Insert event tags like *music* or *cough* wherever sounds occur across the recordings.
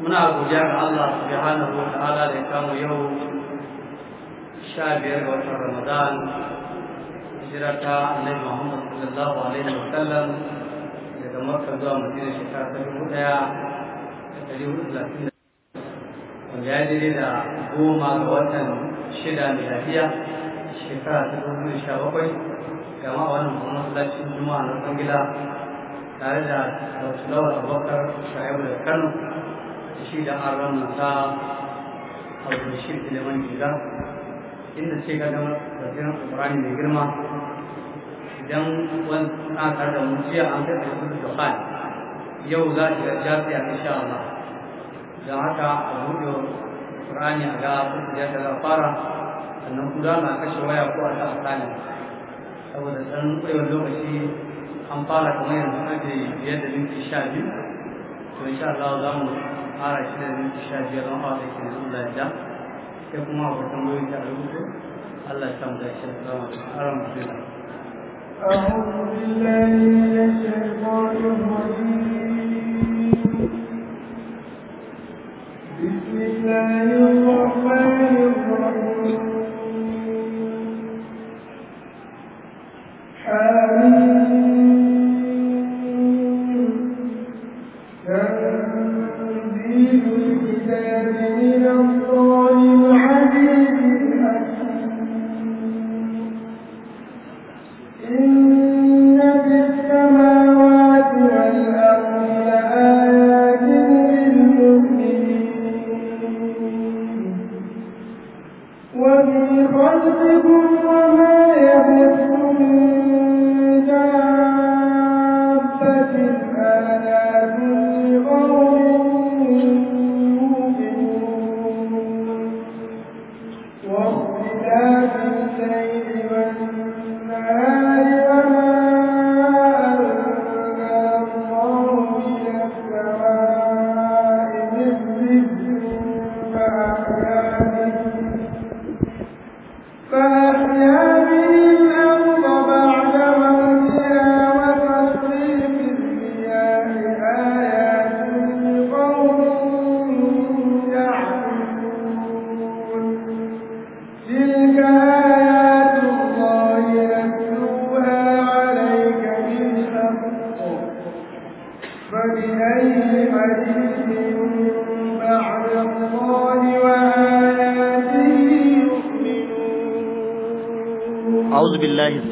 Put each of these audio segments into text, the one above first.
muna godiya ga Allah subhanahu wa ta'ala da ya kamu yau sha biyar ga watan Ramadan hijira ta Annabi Muhammad sallallahu alaihi wa sallam daga Makka zuwa Madina shekara ta dubu ɗaya da ɗari hudu talatin da wanda ya daidai da goma ga watan shida mai lafiya shekara ta dubu biyu sha bakwai gama a wannan masallacin juma'a na Sangila tare da Dr. Lawal Abubakar Shaibu da Kano shi da an ramata a wajen shirki da man gida inda ce ga damar tafiyar alƙur'ani mai girma idan wani tsakar da mun jiya an kai alƙur'ani da hali yau za ki ga jafiya insha Allah don haka a buɗe alƙur'ani a ga ya ta fara sannan kuma na kashe waya ko a ta alƙur'ani saboda ɗan ƙwaiwar lokaci an fara kamar yanzu ake biyar da minti sha biyu to insha Allah za mu fara shi da minti sha biyar an fara shi da Allah ya da sai kuma akwai tambayoyi da rubutu Allah ya samu da shi da alhamdulillah أعوذ بالله من الشيطان الرجيم بسم الله الرحمن الرحيم حميد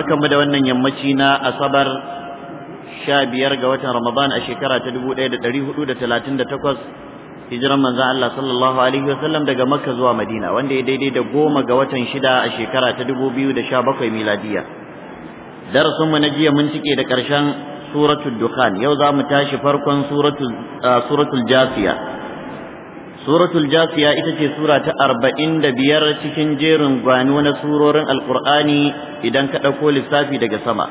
mu da wannan yammaci na asabar sha biyar ga watan ramadan a shekara ta dubu ɗaya da ɗari da talatin da takwas hijiran manzan Allah sallallahu alaihi wasallam daga makka zuwa madina wanda ya daidai da goma ga watan 6 a shekara ta dubu biyu da sha bakwai darasinmu na jiya mun cike da ƙarshen suratul dukhan yau za mu tashi farkon suratul ah, jasiya suratul jasiya ita ce sura ta arba'in da biyar cikin jerin gwanu na surorin alkur'ani idan ka ɗauko lissafi daga sama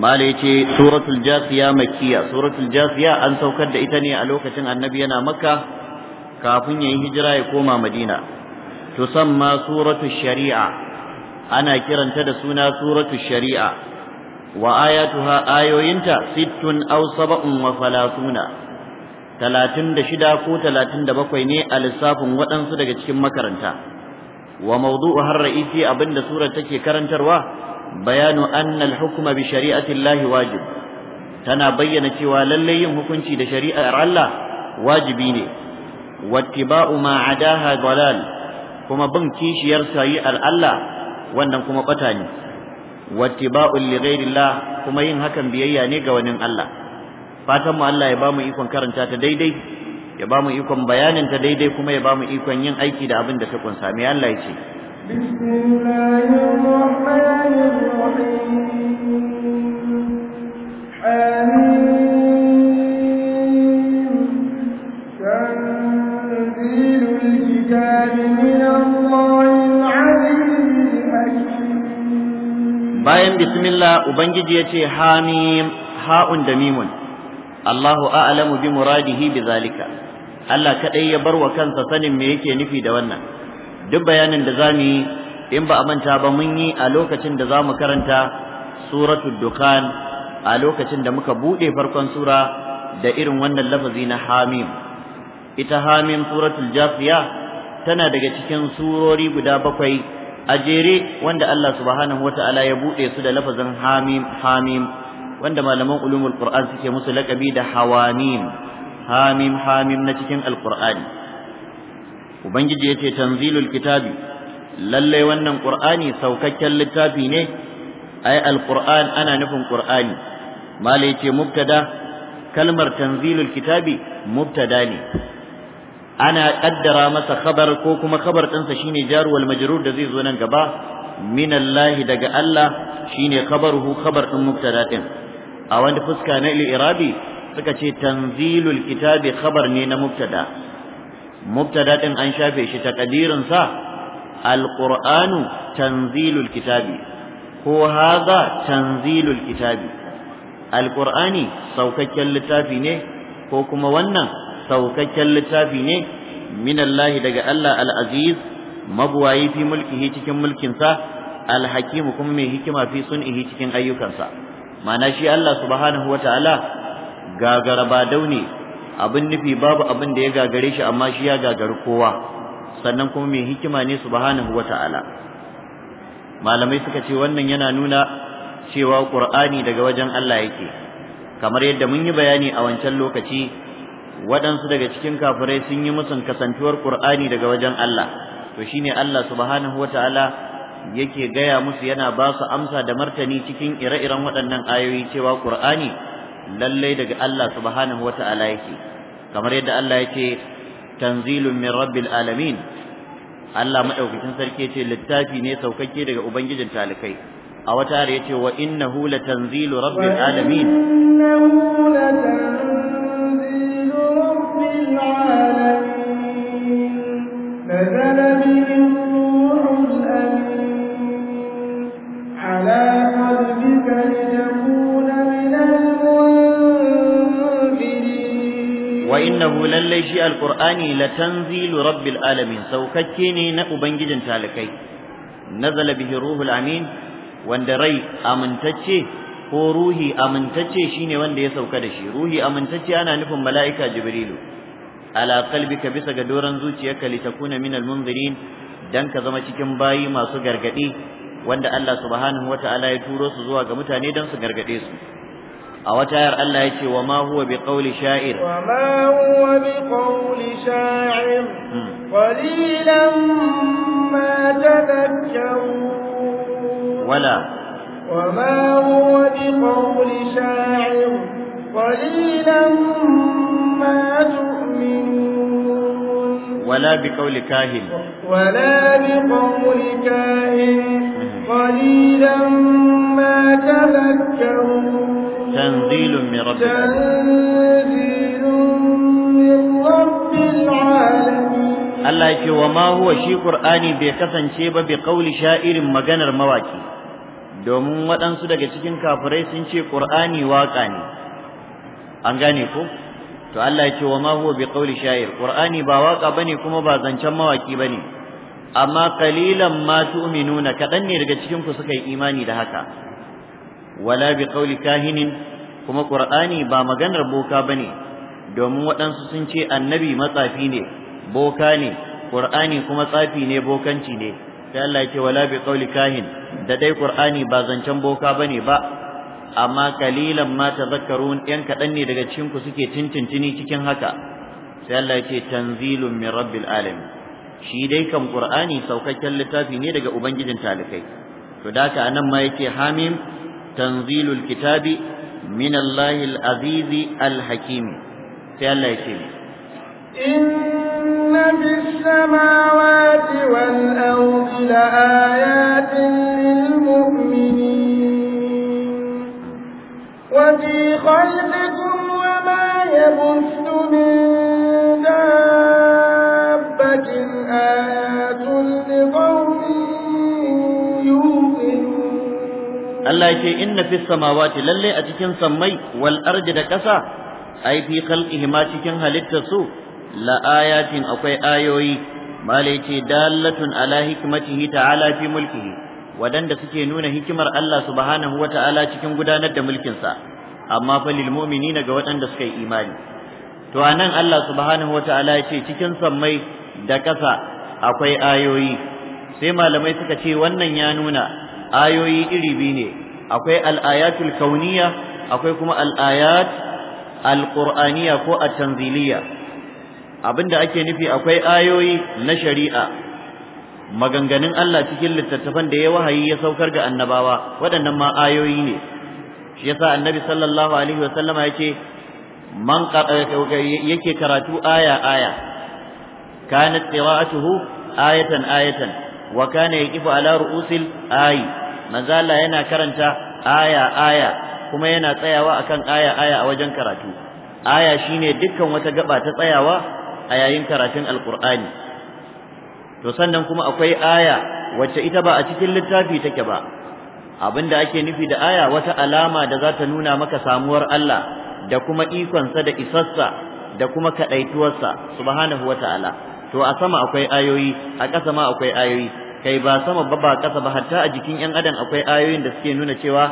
mala ya ce suratul jasiya makiya suratul jasiya an saukar da ita ne a lokacin annabi yana maka. kafin ya yi hijira ya koma madina San ma suratul shari'a ana kiranta da suna suratul shari'a wa ayatuha ayoyinta sittun aw sab'un wa thalathuna talatin da shida ko talatin da bakwai ne a lissafin waɗansu daga cikin makaranta wa mawdu'u har ra'isi abinda surar take karantarwa bayanu anna al-hukma bi shari'ati Allah wajib tana bayyana cewa lalle yin hukunci da shari'ar Allah wajibi ne wattiba'u ma adaha dalal kuma bin kishiyar shari'ar Allah wannan kuma bata ne wattiba'u li kuma yin hakan biyayya ne ga wani Allah fatan mu Allah ya ba mu ikon karanta ta daidai ya ba mu ikon bayanin ta daidai kuma ya ba mu ikon yin aiki da abin da ta kunsa mai Allah ya ce bayan bismillah ubangiji ya ce hamim ha'un da mimun Allahu a'lamu bi muradihi bi zalika Allah kadai ya bar wa kansa sanin me yake nufi da wannan duk bayanin da zamu yi in ba a manta ba mun yi a lokacin da zamu karanta suratul dukan a lokacin da muka bude farkon sura da irin wannan lafazi na hamim ita hamim suratul jafiya tana daga cikin surori guda bakwai a jere wanda Allah subhanahu wataala ya bude su da lafazin hamim hamim wanda malaman ulumul qur'an suke musu lakabi da hawamin hamim hamim na cikin alqur'ani ubangiji yace tanzilul kitabi lalle wannan qur'ani saukakken littafi ne ai alqur'an ana nufin qur'ani malai yace mubtada kalmar tanzilul kitabi mubtada ne ana kaddara masa khabar ko kuma khabar ɗinsa shine jaru wal majrur da zai zo nan gaba min Allah daga Allah shine khabaruhu khabar ɗin mubtada ɗin a wani fuska na irabi suka ce tanzilul kitabi khabar ne na mubtada muktada ɗin an shafe shi takadirin sa alƙur'anu tanzilul kitabi ko haza tanzilul kitabi alqur'ani saukakken littafi ne ko kuma wannan saukakken littafi ne minallahi daga Allah al'aziz aziz mabuwayi fi mulkihi cikin mulkinsa al kuma mai hikima fi ihi cikin ayyukansa ma'ana shi Allah subhanahu wataala gagara ba abin nufi babu abin da ya gagare shi amma shi ya gagari kowa sannan kuma mai hikima ne subhanahu wataala malamai suka ce wannan yana nuna cewa qur'ani daga wajen Allah yake kamar yadda mun yi bayani a wancan lokaci waɗansu daga cikin kafirai sun yi musun kasantuwar qur'ani daga wajen Allah to shine Allah subhanahu wataala yake gaya musu yana ba su amsa da martani cikin ire-iren waɗannan ayoyi cewa Qur'ani lallai daga Allah subhanahu wata'ala yake kamar yadda Allah yake tanzilun min rabbil alamin Allah madaukakin sarki yace littafi ne saukakke daga ubangijin talikai a wata are yace wa innahu latanzilu rabbil alamin rabbil alamin innahu lallai shi alqur'ani latanzilu rabbil alamin saukakke ne na ubangijin talakai nazala bihi ruhul amin wanda rai amintacce ko ruhi amintacce shine wanda ya sauka da shi ruhi amintacce ana nufin mala'ika jibrilu ala qalbika bisa ga doran zuciyarka litakuna minal munzirin dan ka zama cikin bayi masu gargadi wanda Allah subhanahu wataala ya turo su zuwa ga mutane dan su gargade su a wata 'yar Allah ya ce wa ma huwa bi qawli sha'ir wa ma huwa bi qawli sha'ir ƙwalilan hmm. ma tadhakkarun wala wa ma huwa bi qawli sha'ir ƙwalilan ma tu'minun ولا بقول كاهن ولا بقول كاهن قليلا ما تذكرون تنزيل من رب تنزيل من رب العالمين Allah yake wa ma huwa shi Qur'ani bai kasance ba bi sha irin maganar mawaki domin waɗansu daga cikin kafurai sun ce Qur'ani waka ne an gane to Allah ya ce wa ma huwa biqauli sha'ir qur'ani ba waka bane kuma ba zancen mawaki bane amma qalilan ma tu'minuna kadan ne daga cikin ku suka yi imani da haka wala biqauli kahinin kuma qur'ani ba maganar boka bane domin waɗansu sun ce annabi matsafi ne boka ne qur'ani kuma tsafi ne bokanci ne sai Allah ya ce wala biqauli kahin da dai qur'ani ba zancen boka bane ba amma kalilan ma tadhakkarun yan kadan ne daga cikin ku suke tintintini cikin haka sai Allah ya ce tanzilun min rabbil alamin shi dai kan qur'ani saukakken littafi ne daga ubangijin talikai to daka anan ma yake hamim tanzilul kitabi min Allahil aziz al hakim sai Allah ya ce إن في السماوات والأرض لآيات في خلقكم وما يبث من دابة آيات لقوم Allah ce inna fi samawati lalle a cikin sammai wal ardi da ƙasa ai fi khalqihima cikin halittar su la ayatin akwai ayoyi male ce dallatun ala hikmatihi ta'ala fi mulkihi wadanda suke nuna hikimar Allah subhanahu ta'ala cikin gudanar da mulkinsa amma fa lil mu'minina ga waɗanda suka yi imani to anan Allah subhanahu wataala ya ce cikin sammai da ƙasa akwai ayoyi sai malamai suka ce wannan ya nuna ayoyi iri biyu ne akwai al-ayatul kauniyya akwai kuma al-ayat al-qur'aniyya ko at-tanziliyya abinda ake nufi akwai ayoyi na shari'a maganganun Allah cikin littattafan da ya wahayi ya saukar ga annabawa waɗannan ma ayoyi ne shi yasa annabi sallallahu alaihi wa sallama yake man yake karatu aya aya kanat qira'atuhu ayatan ayatan wa kana yaqifu ala ru'usil ayi manzala yana karanta aya aya kuma yana tsayawa akan aya aya a wajen karatu aya shine dukkan wata gaba ta tsayawa a yayin karatun alqur'ani to sannan kuma akwai aya wacce ita ba a cikin littafi take ba Abin da ake nufi da aya wata alama da za ta nuna maka samuwar Allah da kuma ikonsa da isarsa da kuma kadaituwarsa, subhanahu wa to a sama akwai ayoyi a ƙasa ma akwai ayoyi kai ba sama ba ba ƙasa ba hatta a jikin ƴan adam akwai ayoyin da suke nuna cewa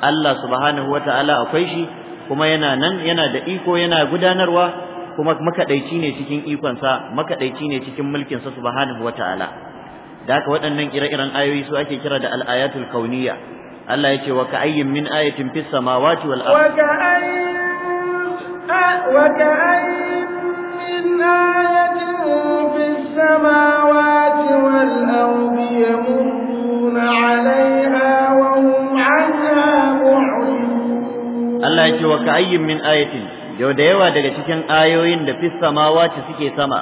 Allah subhanahu wa akwai shi kuma yana nan yana da iko yana gudanarwa kuma makaɗaici ne cikin ikonsa makaɗaici ne cikin mulkinsa subhanahu wa ta'ala da haka waɗannan ire-iren ayoyi su ake kira da al kauniya. Allah ya ce wa ka ka'ayyin min ayatin fis samawati wal ardi wa ka'ayyin wa ka'ayyin min ayatin fis samawati wal ardi yamurruna 'alayha wa hum 'anha mu'ridun Allah ce wa ka ka'ayyin min ayatin yau da yawa daga cikin ayoyin da fis samawati suke sama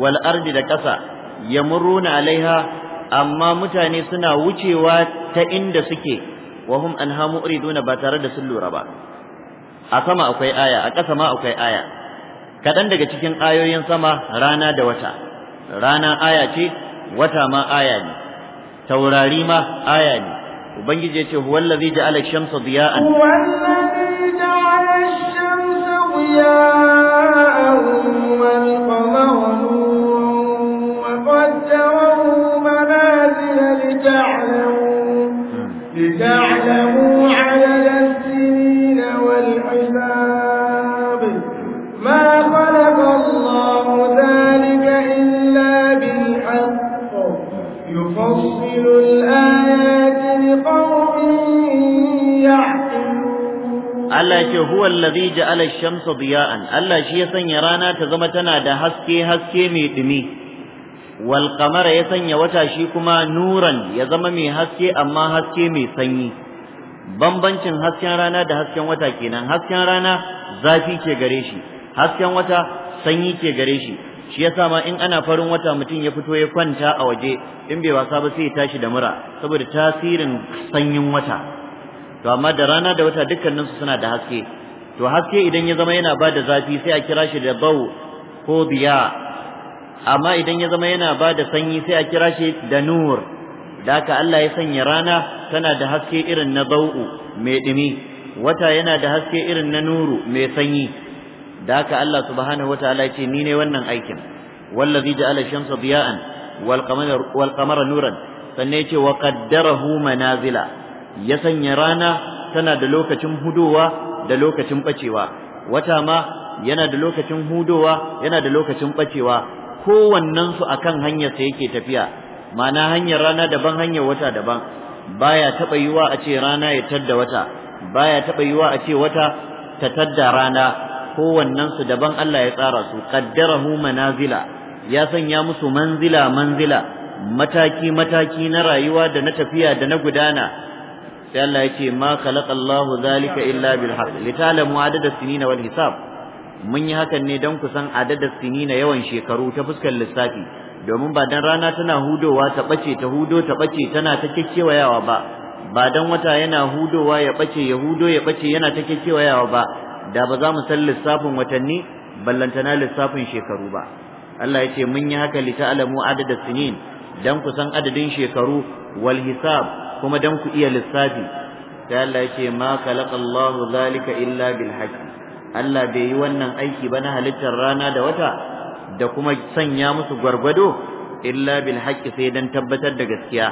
wal ardi da ƙasa yamurruna alaiha amma mutane suna wucewa ta inda suke Wahum hum anha ba tare da sun lura ba a sama akwai aya a ƙasa ma akwai aya kaɗan daga cikin ayoyin sama rana da wata rana aya ce wata ma aya ne taurari ma aya ne ubangiji ya ce huwallazi ja'ala shamsa diya'an huwallazi ja'ala shamsa diya'an wal qamara لتعلموا نعم. لتعلموا عدد السنين والحساب ما خلق الله ذلك إلا بالحق يفصل الآيات لقوم يعقلون الله يقول هو الذي جعل الشمس ضياء الله شيء سن يرانا تزمتنا ده حسكي حسكي ميتمي wal ya sanya wata shi kuma nuran ya zama mai haske amma haske mai sanyi bambancin hasken rana da hasken wata kenan hasken rana zafi ke gare shi hasken wata sanyi ke gare shi shi yasa ma in ana farin wata mutum ya fito ya kwanta a waje in bai wasa ba sai ya tashi da mura saboda tasirin sanyin wata to amma da rana da wata dukkanin su suna da haske to haske idan ya zama yana ba da zafi sai a kira shi da bau ko biya amma idan ya zama yana ba da sanyi sai a kira shi da nur da haka Allah ya sanya rana tana da haske irin na bau'u mai dumi wata yana da haske irin na nuru mai sanyi da haka Allah subhanahu wataala ya ce ni ne wannan aikin wallazi ja'ala shamsa diya'an wal qamara wal qamara nuran sanne ya ce wa qaddarahu manazila ya sanya rana tana da lokacin hudowa da lokacin bacewa wata ma yana da lokacin hudowa yana da lokacin bacewa kowannensu a kan hanyarsa yake tafiya ma'ana hanyar rana daban hanyar wata daban baya taɓa yiwa a ce rana ya tadda wata baya taɓa yiwa a ce wata ta tadda rana kowannensu daban Allah ya tsara su qaddarahu manazila ya sanya musu manzila manzila mataki mataki na rayuwa da na tafiya da na gudana sai Allah ya ce ma khalaqallahu zalika illa bil haqq litalamu adada sinina wal hisab mun yi hakan ne don kusan adadar sinina yawan shekaru ta fuskar lissafi domin ba dan rana tana hudowa ta ɓace ta hudo ta ɓace tana ta kekkewayawa ba ba dan wata yana hudowa ya ɓace ya hudo ya ɓace yana ta kekkewayawa ba da ba za mu san lissafin watanni ballantana lissafin shekaru ba Allah ya ce mun yi haka li ta'lamu adada sinin dan kusan adadin shekaru wal hisab kuma dan ku iya lissafi sai Allah ya ce ma khalaqallahu zalika illa bil haqqi Allah bai yi wannan aiki ba na halittar rana da wata da kuma sanya musu gwargwado illa bil haqqi sai dan tabbatar da gaskiya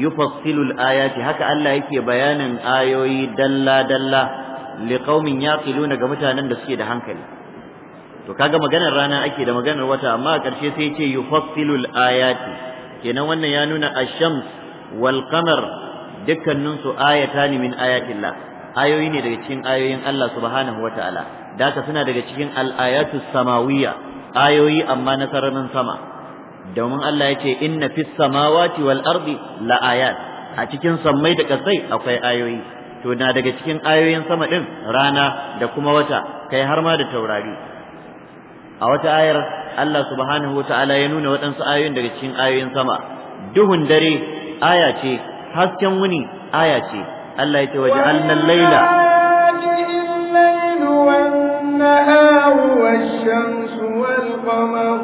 yufassilu al ayati haka Allah yake bayanin ayoyi dalla dalla qaumin yaqiluna ga mutanen da suke da hankali to kaga maganar rana ake da maganar wata amma a ƙarshe sai yace yufassilu al ayati kenan wannan ya nuna ash-shams wal qamar dukkaninsu ayata ne min ayatillah ayoyi ne daga cikin ayoyin Allah subhanahu wataala da suna daga cikin al-ayatu samawiyya ayoyi amma na sararin sama domin Allah ya ce inna fis samawati wal ardi la a cikin sammai da kasai akwai ayoyi to na daga cikin ayoyin sama din rana da kuma wata kai har ma da taurari a wata ayar Allah subhanahu wata'ala ya nuna waɗansu ayoyin daga cikin ayoyin sama duhun dare aya ce hasken wuni aya ce Allah ya الليل والنهار والشمس والقمر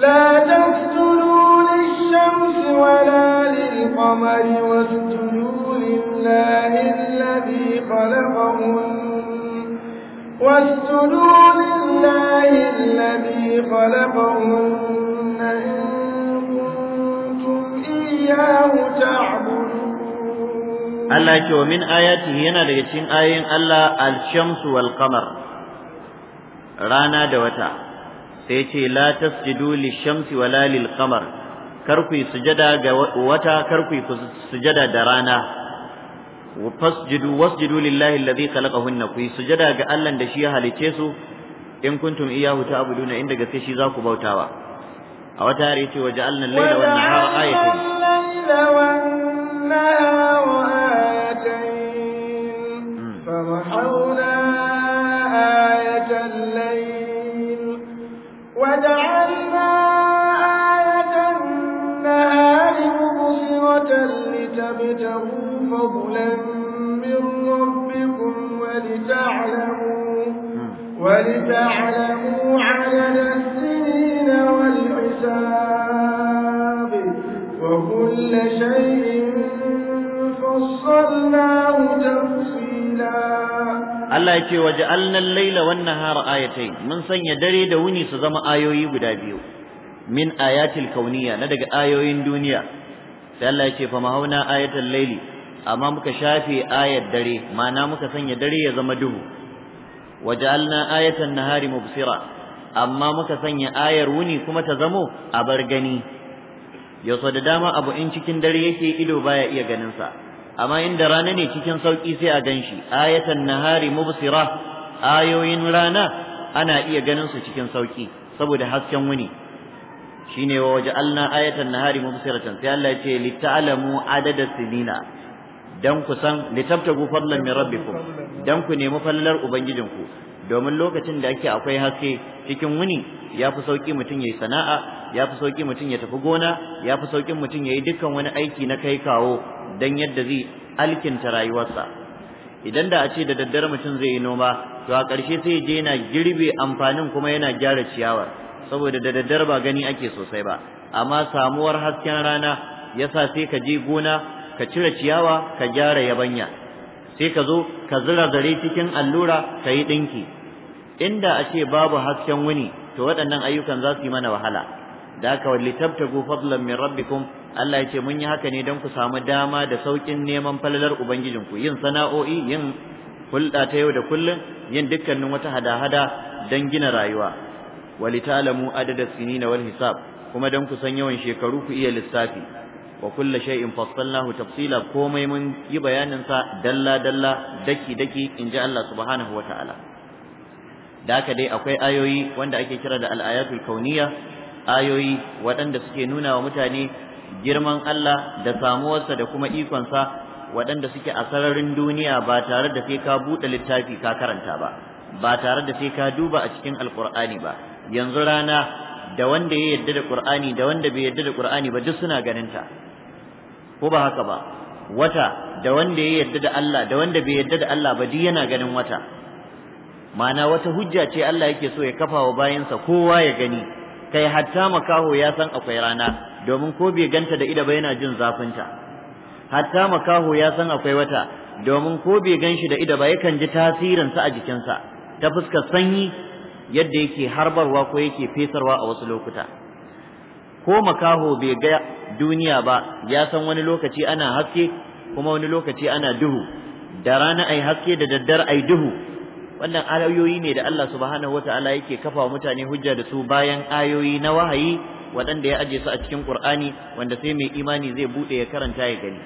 لا تسجدوا للشمس ولا للقمر واسجدوا لله الذي خلقهن واسجدوا لله الذي خلقهن إن كنتم إياه تعبدون Allah ce wa min ayatihi yana daga cikin ayoyin Allah al-shamsu wal qamar rana da wata sai ce la tasjudu lish-shamsi wala lil-qamar kar ku sujada ga wata kar ku sujada da rana fasjudu wasjudu lillahi alladhi khalaqahunna ku sujada ga Allah da shi ya halice su in kuntum iyyahu ta'buduna inda gaske shi za ku bautawa a wata yare ce wa ja'alna al-laila wan-nahara ayatayn فضلا من ربكم ولتعلموا ولتعلموا عدد السنين والحساب وكل شيء فصلناه تفصيلا Allah ya ce waje alnan laila wannan hara ayatai mun sanya dare da wuni su zama ayoyi guda biyu min ayatil kauniya na daga ayoyin duniya sai Allah ya ce fa mahauna ayatal laili amma muka shafe ayar dare ma'ana muka sanya dare ya zama duhu waj'alna ayatan nahari mubsira amma muka sanya ayar wuni kuma ta zamo abar bar gani so da dama abu in cikin dare yake ido baya iya ganin sa amma inda rana ne cikin sauki sai a ganshi ayatan nahari mubsira ayoyin rana ana iya ganin su cikin sauki saboda hasken wuni shine wa waja'alna ayatan nahari mubsiratan sai Allah ya ce lita'lamu adada sinina dan ku san litabtagu fadlan min rabbikum dan ku nemi ubangijin ku, domin lokacin da ake akwai haske cikin wuni ya fi sauki mutum ya yi sana'a ya fi sauki mutum ya tafi gona ya fi sauki mutum ya yi dukkan wani aiki na kai kawo dan yadda zai alkinta rayuwarsa idan da a ce da daddare mutum zai yi noma to a ƙarshe sai je yana girbe amfanin kuma yana gyara ciyawar saboda da daddare ba gani ake sosai ba amma samuwar hasken rana yasa sai ka je gona ka cire ciyawa ka gyara yabanya sai ka zo ka zira zare cikin allura ka yi ɗinki inda a ce babu hasken wuni to waɗannan ayyukan za su yi mana wahala da haka litabtagu fadlan min rabbikum Allah yace mun yi haka ne don ku samu dama da saukin neman falalar ubangijinku yin sana'o'i yin hulɗa ta yau da kullum yin dukkanin wata hada-hada don gina rayuwa walitalamu adada sinina wal hisab kuma don ku san yawan shekaru ku iya lissafi wa kullu shay'in fassalnahu tafsila komai mun yi bayanin sa dalla dalla daki daki inji Allah subhanahu ta'ala. da haka dai akwai ayoyi wanda ake kira da al-ayatul kauniyya ayoyi waɗanda suke nuna wa mutane girman Allah da samuwarsa da kuma ikonsa waɗanda suke a sararin duniya ba tare da sai ka buɗe littafi ka karanta ba ba tare da sai ka duba a cikin alkur'ani ba yanzu rana da wanda ya yadda da Qur'ani da wanda bai yadda da Qur'ani ba duk suna ganin ta ko ba haka ba wata da wanda ya yarda da Allah da wanda bai yarda da Allah ba duk yana ganin wata ma'ana wata hujja ce Allah yake so ya kafa wa bayansa kowa ya gani kai hatta makaho ya san akwai rana domin ko bai ganta da ida ba yana jin zafin ta hatta makaho ya san akwai wata domin ko bai gan shi da ida ba yakan ji tasirin sa a jikinsa ta fuskar sanyi yadda yake harbarwa ko yake fesarwa a wasu lokuta ko makaho bai ga duniya ba ya san wani lokaci ana haske kuma wani lokaci ana duhu da rana ai haske da daddare ai duhu wannan ayoyi ne da Allah subhanahu wataala yake kafa mutane hujja da su bayan ayoyi na wahayi waɗanda ya aje su a cikin Qur'ani wanda sai mai imani zai bude ya karanta ya gani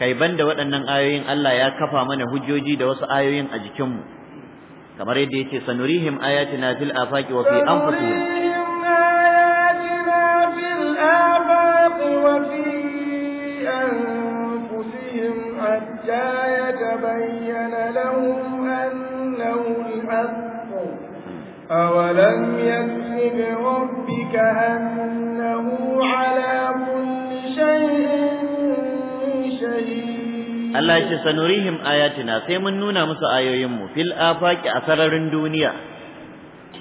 kai banda waɗannan ayoyin Allah ya kafa mana hujjoji da wasu ayoyin a jikinmu kamar yadda yake sanurihim ayatina fil afaqi wa fi anfusihim الآفاق وفي أنفسهم حتى يتبين لهم أنه الحق أولم يكن بربك أنه على كل شيء شهيد Allah ce sanurihim ayatina sai mun nuna musu ayoyinmu fil afaqi a sararin duniya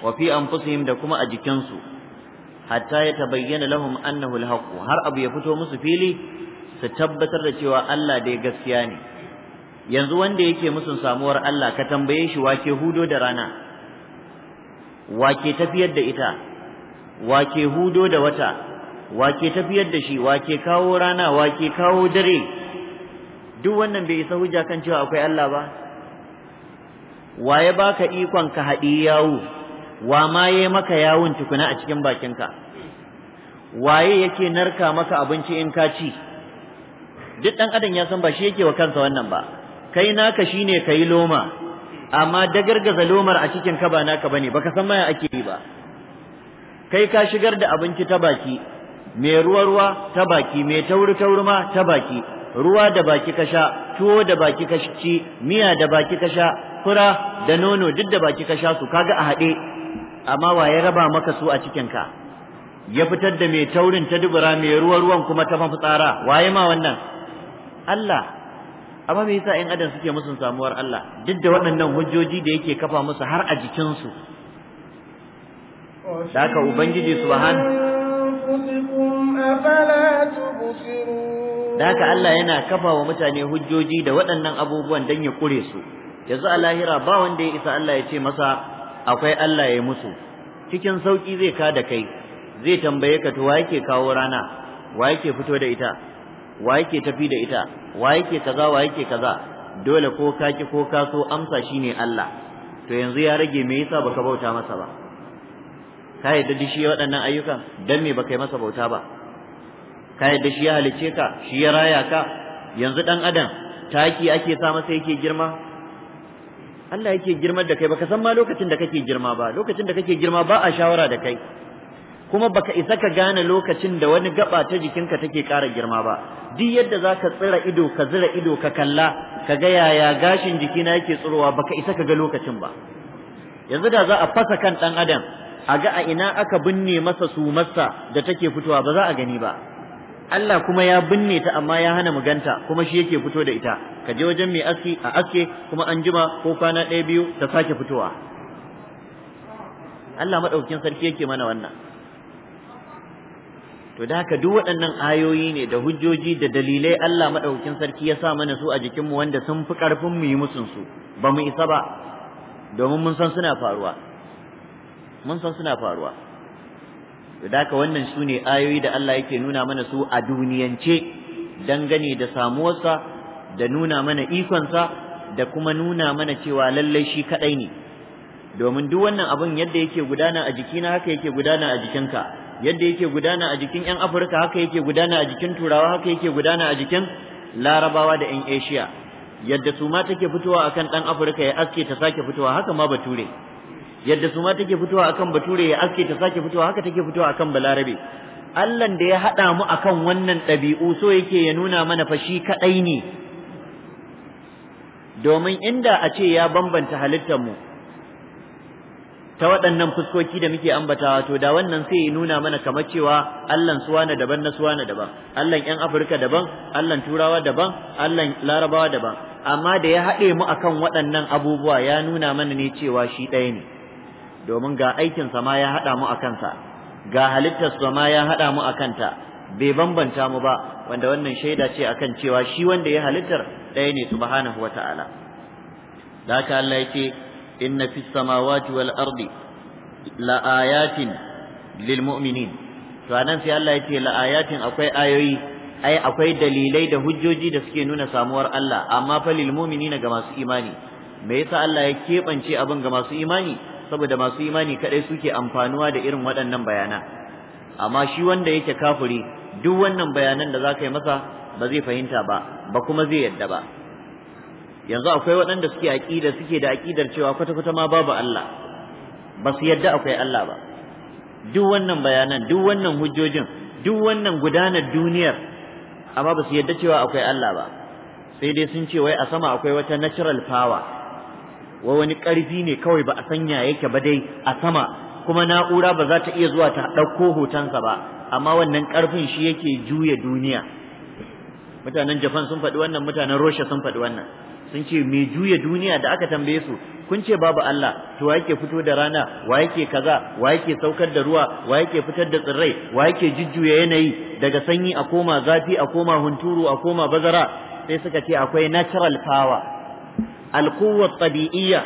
wa fi anfusihim da kuma a jikinsu hatta ya tabayyana lahum annahu alhaqu har abu ya fito musu fili su tabbatar da cewa Allah dai gaskiya ne yanzu wanda yake musun samuwar Allah ka tambaye shi wake hudo da rana wake tafiyar da ita wake hudo da wata wake tafiyar da shi wake kawo rana wake kawo dare duk wannan bai isa hujja kan cewa akwai Allah ba waye baka ikon ka haɗi yawo wa ma yayi maka yawun tukuna a cikin bakinka waye yake narka maka abinci in ka ci duk ɗan adam ya san ba shi yake wa kansa wannan ba kai naka shine kai loma amma gargaza lomar a cikin ka ba naka bane baka san maya ake yi ba kai ka shigar da abinci ta baki mai ruwa ruwa ta baki mai tauri tauri ma ta baki ruwa da baki ka sha tuwo da baki ka ci miya da baki ka sha fura da nono duk da baki ka sha su kaga a haɗe amma wa ya raba maka su a cikinka ya fitar da mai taurin ta dubura mai ruwa ruwan kuma ta mafitsara waye ma wannan Allah amma me yasa in adam suke musun samuwar Allah duk da waɗannan hujjoji da yake kafa musu har a jikinsu da haka ubangiji subhanahu da haka Allah yana kafa wa mutane hujjoji da waɗannan abubuwan don ya kure su yanzu a lahira ba wanda ya isa Allah ya ce masa akwai Allah ya musu cikin sauki zai ka da kai zai tambaye ka to wa yake kawo rana wa yake fito da ita wa yake tafi da ita wa yake kaza wa yake kaza dole ko ka ki ko ka so amsa shine Allah to yanzu ya rage me yasa baka bauta masa ba ka yadda da shi waɗannan ayyuka dan me baka yi masa bauta ba ka yadda shi ya halice ka shi ya raya ka yanzu dan adam taki ake sa masa yake girma Allah yake girmar da kai ka san ma lokacin da kake girma ba lokacin da kake girma ba a shawara da kai kuma baka isa ka gane lokacin da wani gaba ta jikinka take ƙara girma ba duk yadda zaka tsira ido ka zira ido ka kalla ka ga yaya gashin jikina yake tsirowa baka isa ka ga lokacin ba yanzu da za a fasa kan ɗan adam a ga a ina aka binne masa sumarsa da take fitowa ba za a gani ba Allah kuma ya binne ta amma ya hana mu ganta kuma shi yake fito da ita ka je wajen mai aski a aske kuma an jima ko kwana ɗaya biyu ta sake fitowa Allah maɗaukin sarki yake mana wannan to da haka duk waɗannan ayoyi ne da hujjoji da dalilai Allah maɗaukin sarki ya sa mana su a jikin mu wanda sun fi karfin mu yi musun su ba mu isa ba domin mun san suna faruwa mun san suna faruwa da wannan su ne ayoyi da Allah yake nuna mana su a duniyance dangane da samuwarsa da nuna mana ikonsa da kuma nuna mana cewa lallai shi kaɗai ne domin duk wannan abin yadda yake gudana a jikina haka yake gudana a jikinka yadda yake gudana a jikin 'yan afirka haka yake gudana a jikin turawa haka yake gudana a jikin larabawa da 'yan Asiya. yadda su ma take fitowa akan ɗan afirka ya aske ta sake fitowa haka ma bature yadda su ma take fitowa akan bature ya aske ta sake fitowa haka take fitowa akan balarabe Allahn da ya haɗa mu akan wannan ɗabi'u so yake ya nuna mana fa shi kaɗai ne domin inda a ce ya bambanta halittar mu ta waɗannan fuskoki da muke ambatawa to da wannan sai ya nuna mana kamar cewa suwa na daban na suwa na daban Allah ƴan Afirka daban Allah Turawa daban Allah Larabawa daban amma da ya haɗe mu akan waɗannan abubuwa ya nuna mana ne cewa shi ɗaya ne domin ga aikin sa ma ya hada mu akan sa ga halittar ma ya hada mu a kanta, bai bambanta mu ba wanda wannan shaida ce akan cewa shi wanda ya halittar ɗaya ne subhanahu wata'ala da haka Allah yake inna fis samawati wal ardi la ayatin lil mu'minin to anan sai Allah yake la ayatin akwai ayoyi ai akwai dalilai da hujjoji da suke nuna samuwar Allah amma fa lil mu'minina ga masu imani me yasa Allah ya keɓance abin ga masu imani saboda masu imani kadai suke amfanuwa da irin waɗannan bayana amma shi wanda yake kafiri duk wannan bayanan da zaka yi masa ba zai fahimta ba ba kuma zai yadda ba yanzu akwai waɗanda suke aqida suke da aqidar cewa kwata kwata ma babu Allah ba su yadda akwai Allah ba duk wannan bayanan duk wannan hujjojin duk wannan gudanar duniyar amma ba su yadda cewa akwai Allah ba sai dai sun ce wai a sama akwai wata natural power wa wani ƙarfi ne kawai ba a sanya yake ba dai a sama kuma na'ura ba za ta iya zuwa ta ɗauko hotonsa ba amma wannan ƙarfin shi yake juya duniya mutanen Japan sun faɗi wannan mutanen Russia sun faɗi wannan sun ce mai juya duniya da aka tambaye su kun ce babu Allah to wa yake fito da rana wa yake kaza wa yake saukar da ruwa wa yake fitar da tsirrai wa yake jujjuya yanayi daga sanyi a koma zafi a koma hunturu a koma bazara sai suka ce akwai natural power alquwwa tabi'iyya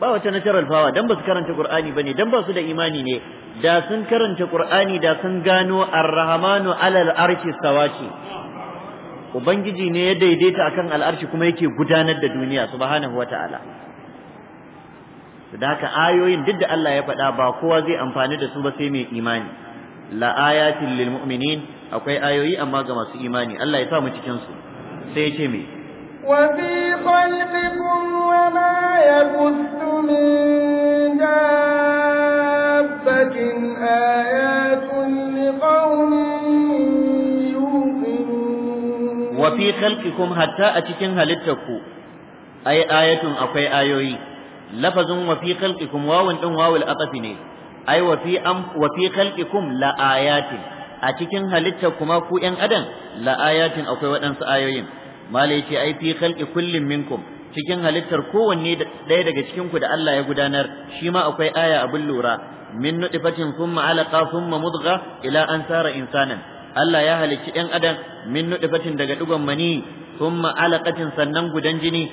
ba wata natural power dan ba su karanta ba ne dan ba su da imani ne da sun karanta Kur'ani da sun gano ar-rahmanu alal arshi sawati ubangiji ne ya daidaita akan al'arshi kuma yake gudanar da duniya subhanahu wata'ala da haka ayoyin duk da Allah ya faɗa ba kowa zai amfani da su ba sai mai imani la ayatin lil mu'minin akwai ayoyi amma ga masu imani Allah ya sa mu cikin su sai ya ce me وفي خلقكم وما يبث من دابة آيات لقوم يوقنون وفي خلقكم حتى أتكن هلتكو أي آية أقوي آيوي لفظ وفي خلقكم واو دون واو الأطفني أي وفي, أم وفي خلقكم لآيات لا a cikin halitta kuma ku ‘yan adam la'ayatin akwai waɗansu ayoyin malai ce ai fi khalqi kullin minkum cikin halittar kowanne ɗaya daga cikin ku da Allah ya gudanar shi ma akwai aya abin lura min nutfatin thumma alaqa thumma mudgha ila an sara insanan Allah ya halicci ɗan adam min nutfatin daga digon mani thumma alaqatin sannan gudan jini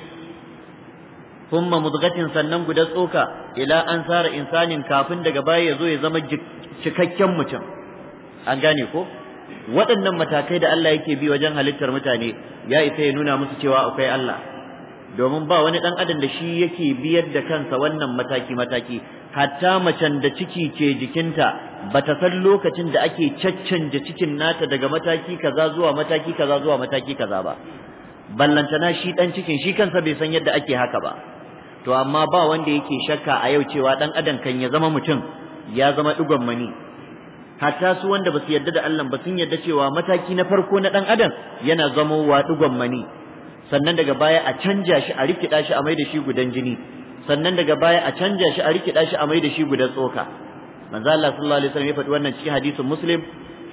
thumma mudghatin sannan gudan tsoka ila an sara insanin kafin daga baya ya zo ya zama cikakken mutum an gane ko waɗannan matakai da Allah yake bi wajen halittar mutane ya isa ya nuna musu cewa akwai Allah domin ba wani ɗan adam da shi yake biyar da kansa wannan mataki mataki hatta macen da ciki ke jikinta ba ta san lokacin da ake da cikin nata daga mataki kaza zuwa mataki kaza zuwa mataki kaza ba ballantana shi ɗan cikin shi kansa bai san yadda ake haka ba to amma ba wanda yake shakka a yau cewa ɗan adam kan ya zama mutum ya zama ɗigon mani hatta su wanda ba su yarda da Allah ba sun yarda cewa mataki na farko na dan adam yana zama wa mani sannan daga baya a canja shi a rikida shi a mai da shi gudan jini sannan daga baya a canja shi a rikida shi a mai da shi gudan tsoka manzo Allah sallallahu alaihi wasallam ya faɗi wannan cikin hadisin muslim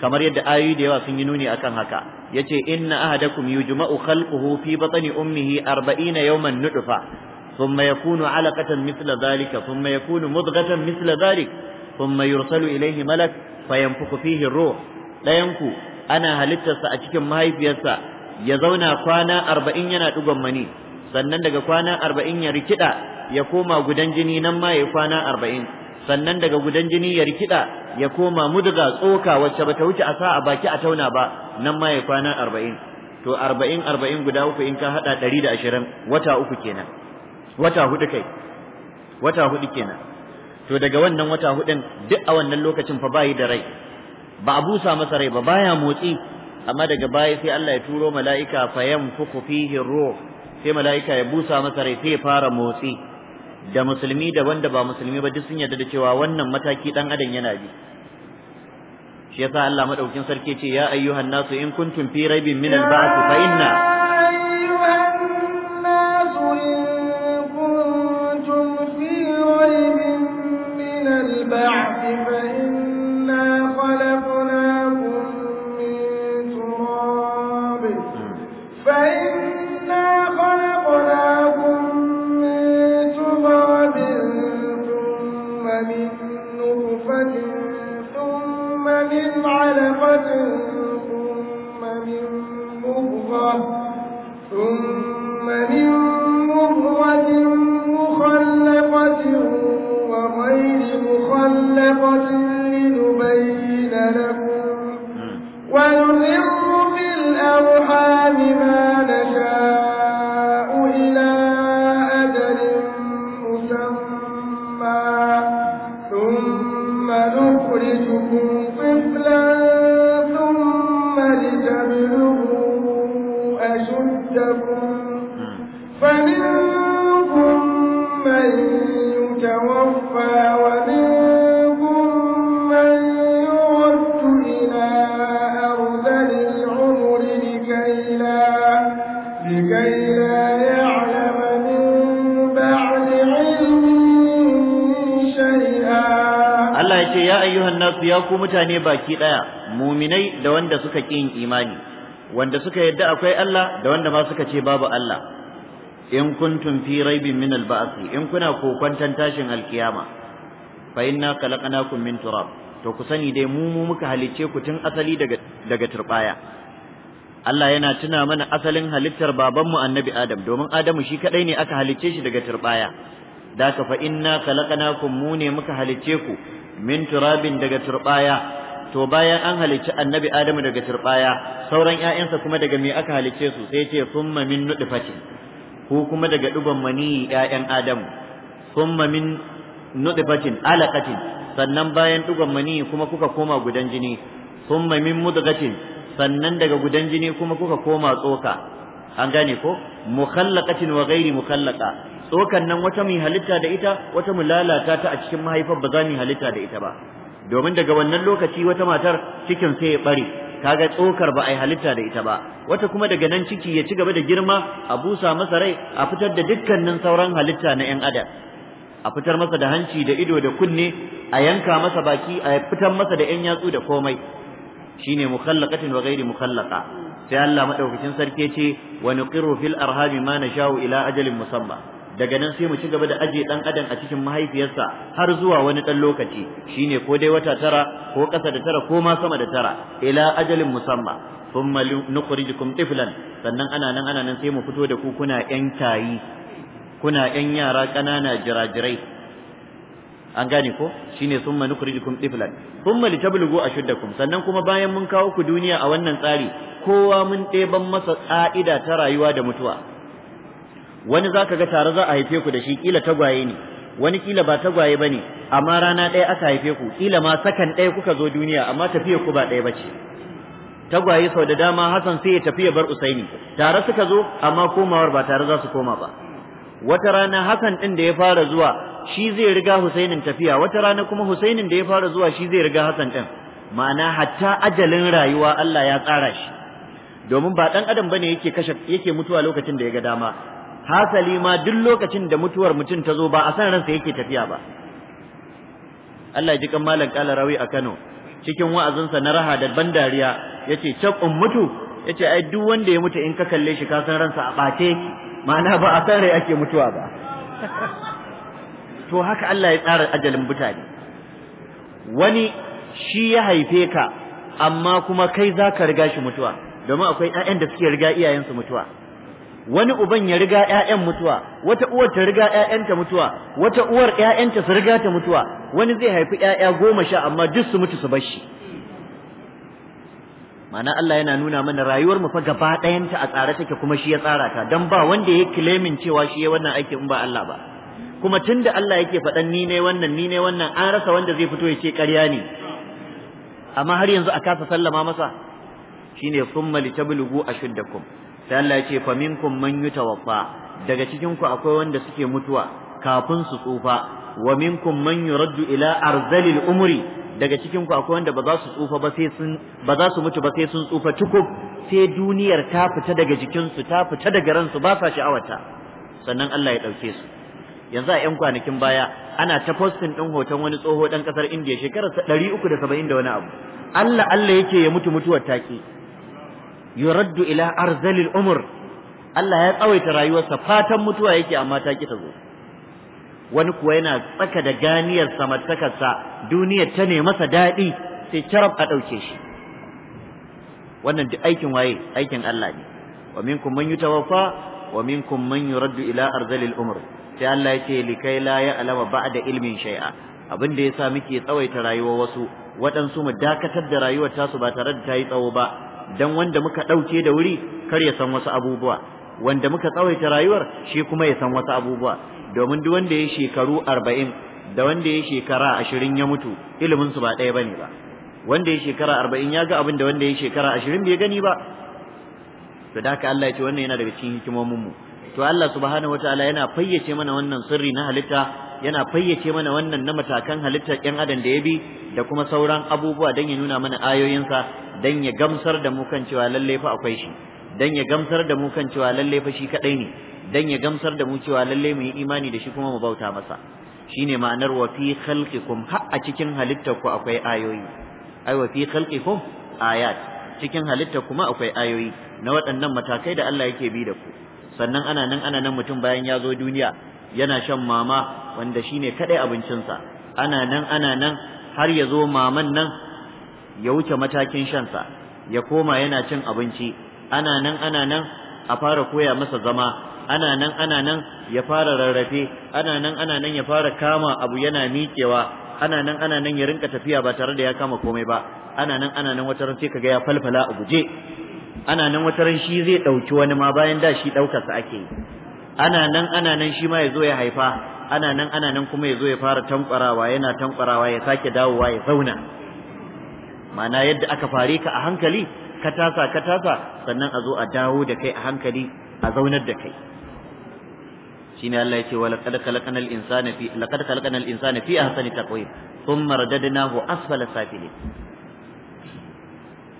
kamar yadda ayoyi da yawa sun yi nuni akan haka yace inna ahadakum yujma'u khalquhu fi batni ummihi 40 yawman nutfa thumma yakunu 'alaqatan mithla dhalika thumma yakunu mudghatan mithla dhalika ثم يرسل إليه malak فينفق فيه الروح لا ana halittarsa a cikin mahaifiyarsa ya zauna kwana arba'in yana ɗigon mani sannan daga kwana arba'in ya rikida ya koma gudan jini sannan daga gudan jini ya rikida ya koma mudga tsoka wacce bata wuce a sa'a baki a tauna ba nan ma ya kwana arba'in to arba'in arba'in guda uku in ka haɗa ɗari wata uku kenan wata hudu kai wata hudu kenan to daga wannan wata hudun duk a wannan lokacin fa bayi da rai ba a busa masa rai ba baya motsi amma daga baya sai Allah ya turo mala'ika fa yanfuku fihi ruh sai mala'ika ya busa masa rai sai ya fara motsi da musulmi da wanda ba musulmi ba duk sun yarda da cewa wannan mataki dan adam yana bi shi yasa Allah madaukin sarki ce ya ayyuhan nasu in kuntum fi raibin min al-ba'th fa inna البعث فإنا خلقناكم من تراب فإنا خلقناكم من تراب ثم من نطفة ثم من علقة ثم من مضغة ثم من مضغة مُعَلَّقَةٍ لِنُبَيِّنَ لَكُمْ ku mutane baki daya muminai da wanda suka ƙi imani wanda suka yadda akwai Allah da wanda ba suka ce babu Allah in kuntum fi raibin min al in kuna kokwantan tashin alkiyama fa inna khalaqnakum min turab to ku sani dai mu mu muka halicce ku tun asali daga daga turbaya Allah yana tuna mana asalin halittar babanmu Annabi Adam domin Adamu shi kadai ne aka halicce shi daga turbaya daka fa inna khalaqnakum mu ne muka halicce ku min turabin daga turbaya to bayan an halicci annabi adamu daga turbaya sauran ƴaƴansa kuma daga me aka halicce su sai ce summa min nutfatin ko kuma daga dugon mani ƴaƴan adamu summa min nutfatin alaqatin sannan bayan dugon mani kuma kuka koma gudan jini summa min mudghatin sannan daga gudan jini kuma kuka koma tsoka an gane ko mukhallaqatin wa ghairi mukhallaqa tsokan nan wata muyi halitta da ita wata mu lalata ta a cikin mahaifar ba za mu halitta da ita ba domin daga wannan lokaci wata matar cikin sai ya bare kaga tsokar ba a yi halitta da ita ba wata kuma daga nan ciki ya ci gaba da girma a busa masa rai a fitar da dukkanin sauran halitta na yan adam a fitar masa da hanci da ido da kunne a yanka masa baki a fitar masa da yan yatsu da komai shine mukhallaqatin wa ghairi mukhallaqa sai Allah madaukakin sarki ce wa nuqirru fil arhami ma nasha'u ila ajalin musamma daga nan sai mu ci gaba da aje dan adam a cikin mahaifiyarsa har zuwa wani dan lokaci shine ko dai wata tara ko ƙasa da tara ko ma sama da tara ila ajalin musamma thumma nukhrijukum tiflan sannan ana nan ana nan sai mu fito da ku kuna yan tayi kuna yan yara ƙanana jirajirai an gane ko shine thumma nukhrijukum tiflan thumma litablugu ashuddakum sannan kuma bayan mun kawo ku duniya a wannan tsari kowa mun ɗeban masa ƙa'ida ta rayuwa da mutuwa wani za ka ga tare za a haife ku da shi kila tagwaye ne wani kila ba tagwaye ba ne amma rana ɗaya aka haife ku kila ma sakan ɗaya kuka zo duniya amma tafiyar ku ba ɗaya ba ce tagwaye sau da dama Hassan sai ya tafi ya bar Usaini tare suka zo amma komawar ba tare za su koma ba wata rana Hassan ɗin da ya fara zuwa shi zai riga Husainin tafiya wata rana kuma Husainin da ya fara zuwa shi zai riga hasan ɗin ma'ana hatta ajalin rayuwa Allah ya tsara shi domin ba ɗan adam bane yake kashe yake mutuwa lokacin da ya ga dama hasali ma duk lokacin da mutuwar mutum ta zo ba a san ransa yake tafiya ba Allah ji kan malam kala rawi a Kano cikin wa'azinsa na raha da ban dariya yace cak mutu yace ai duk wanda ya mutu in ka kalle shi ka san ransa a bace ma'ana ba a san rai ake mutuwa ba to haka Allah ya tsara ajalin mutane wani shi ya haife ka amma kuma kai za ka riga shi mutuwa domin akwai 'ya'yan da suke riga iyayensu mutuwa wani uban ya riga ƴaƴan mutuwa wata uwar ta riga ƴaƴanta mutuwa wata uwar ƴaƴanta su riga ta mutuwa wani zai haifi ƴaƴa goma sha amma duk su mutu su bar shi ma'ana Allah yana nuna mana rayuwar mu fa gaba ɗayanta a tsare take kuma shi ya tsara ta dan ba wanda ya claiming cewa shi ya wannan aikin in ba Allah ba kuma tunda Allah yake faɗan ni ne wannan ni ne wannan an rasa wanda zai fito ya ce ƙarya ne amma har yanzu a kasa sallama masa shine summa litablugu ashuddakum sai Allah ya ce fa minkum man yutawaffa daga cikin ku akwai wanda suke mutuwa kafin su tsufa wa minkum man yuraddu ila arzalil umri daga cikin ku akwai wanda ba za su tsufa ba sai sun ba za su mutu ba sai sun tsufa tukub sai duniyar ta fita daga jikin su ta fita daga ransu ba sa sha'awata sannan Allah ya dauke su yanzu a 'yan kwanakin baya ana ta postin ɗin hoton wani tsoho ɗan ƙasar indiya shekarar 370 uku da saba'in da wani abu allah allah yake ya mutu mutuwar take. yuraddu ila arzalil umur Allah ya tsawaita rayuwarsa fatan mutuwa yake amma ta ki wani kuwa yana tsaka da ganiyar samartakarsa Duniya ta ne masa daɗi sai carab a ɗauke shi wannan duk aikin waye aikin Allah ne wa minkum man yutawaffa wa minkum man yuraddu ila arzalil umur sai Allah yake likai la ya'lama ba'da ilimin shai'a. abin da yasa muke tsawaita rayuwar wasu waɗansu mu dakatar da rayuwar tasu ba tare da ta yi tsawo ba dan wanda muka ɗauke da wuri kar ya san wasu abubuwa wanda muka tsawaita rayuwar shi kuma ya san wasu abubuwa domin duk wanda ya shekaru arba'in da wanda ya shekara ashirin ya mutu ilimin su ba ɗaya bane ba wanda ya shekara arba'in ya ga abin da wanda ya shekara ashirin bai gani ba to da haka Allah ya ce wannan yana daga cikin hikimomin mu to Allah subhanahu wataala yana fayyace mana wannan sirri na halitta yana fayyace mana wannan na matakan halittar ɗan adam da ya bi da kuma sauran abubuwa don ya nuna mana ayoyinsa don ya gamsar da mu kan cewa lalle fa akwai shi don ya gamsar da mu kan cewa lalle fa shi kaɗai ne don ya gamsar da mu cewa lalle mu yi imani da shi kuma mu bauta masa shine ma'anar wa fi khalqikum ha a cikin halittar ku akwai ayoyi ai wa fi khalqikum ayat cikin halittar kuma akwai ayoyi na waɗannan matakai da Allah yake bi da ku sannan ana nan ana nan mutum bayan ya zo duniya yana shan mama wanda shine kadai abincinsa ana nan ana nan har ya zo maman nan ya wuce matakin shansa ya koma yana cin abinci ana nan ana nan a fara koya masa zama ana nan ana nan ya fara rarrafe ana nan ana nan ya fara kama abu yana miƙewa ana nan ana nan ya rinka tafiya ba tare da ya kama komai ba ana nan ana nan wata ran sai kaga ya falfala a guje ana nan wata ran shi zai ɗauki wani ma bayan da shi ɗaukarsa ake yi ana nan ana nan shi ma ya zo ya haifa ana nan ana nan kuma ya zo ya fara tankwarawa yana tankwarawa ya sake dawowa ya zauna mana yadda aka fare ka a hankali ka tasa ka tasa sannan a zo a dawo da kai a hankali a zaunar da kai shine Allah yace wa laqad khalaqnal insana fi laqad khalaqnal insana fi ahsani taqwim thumma radadnahu asfala safilin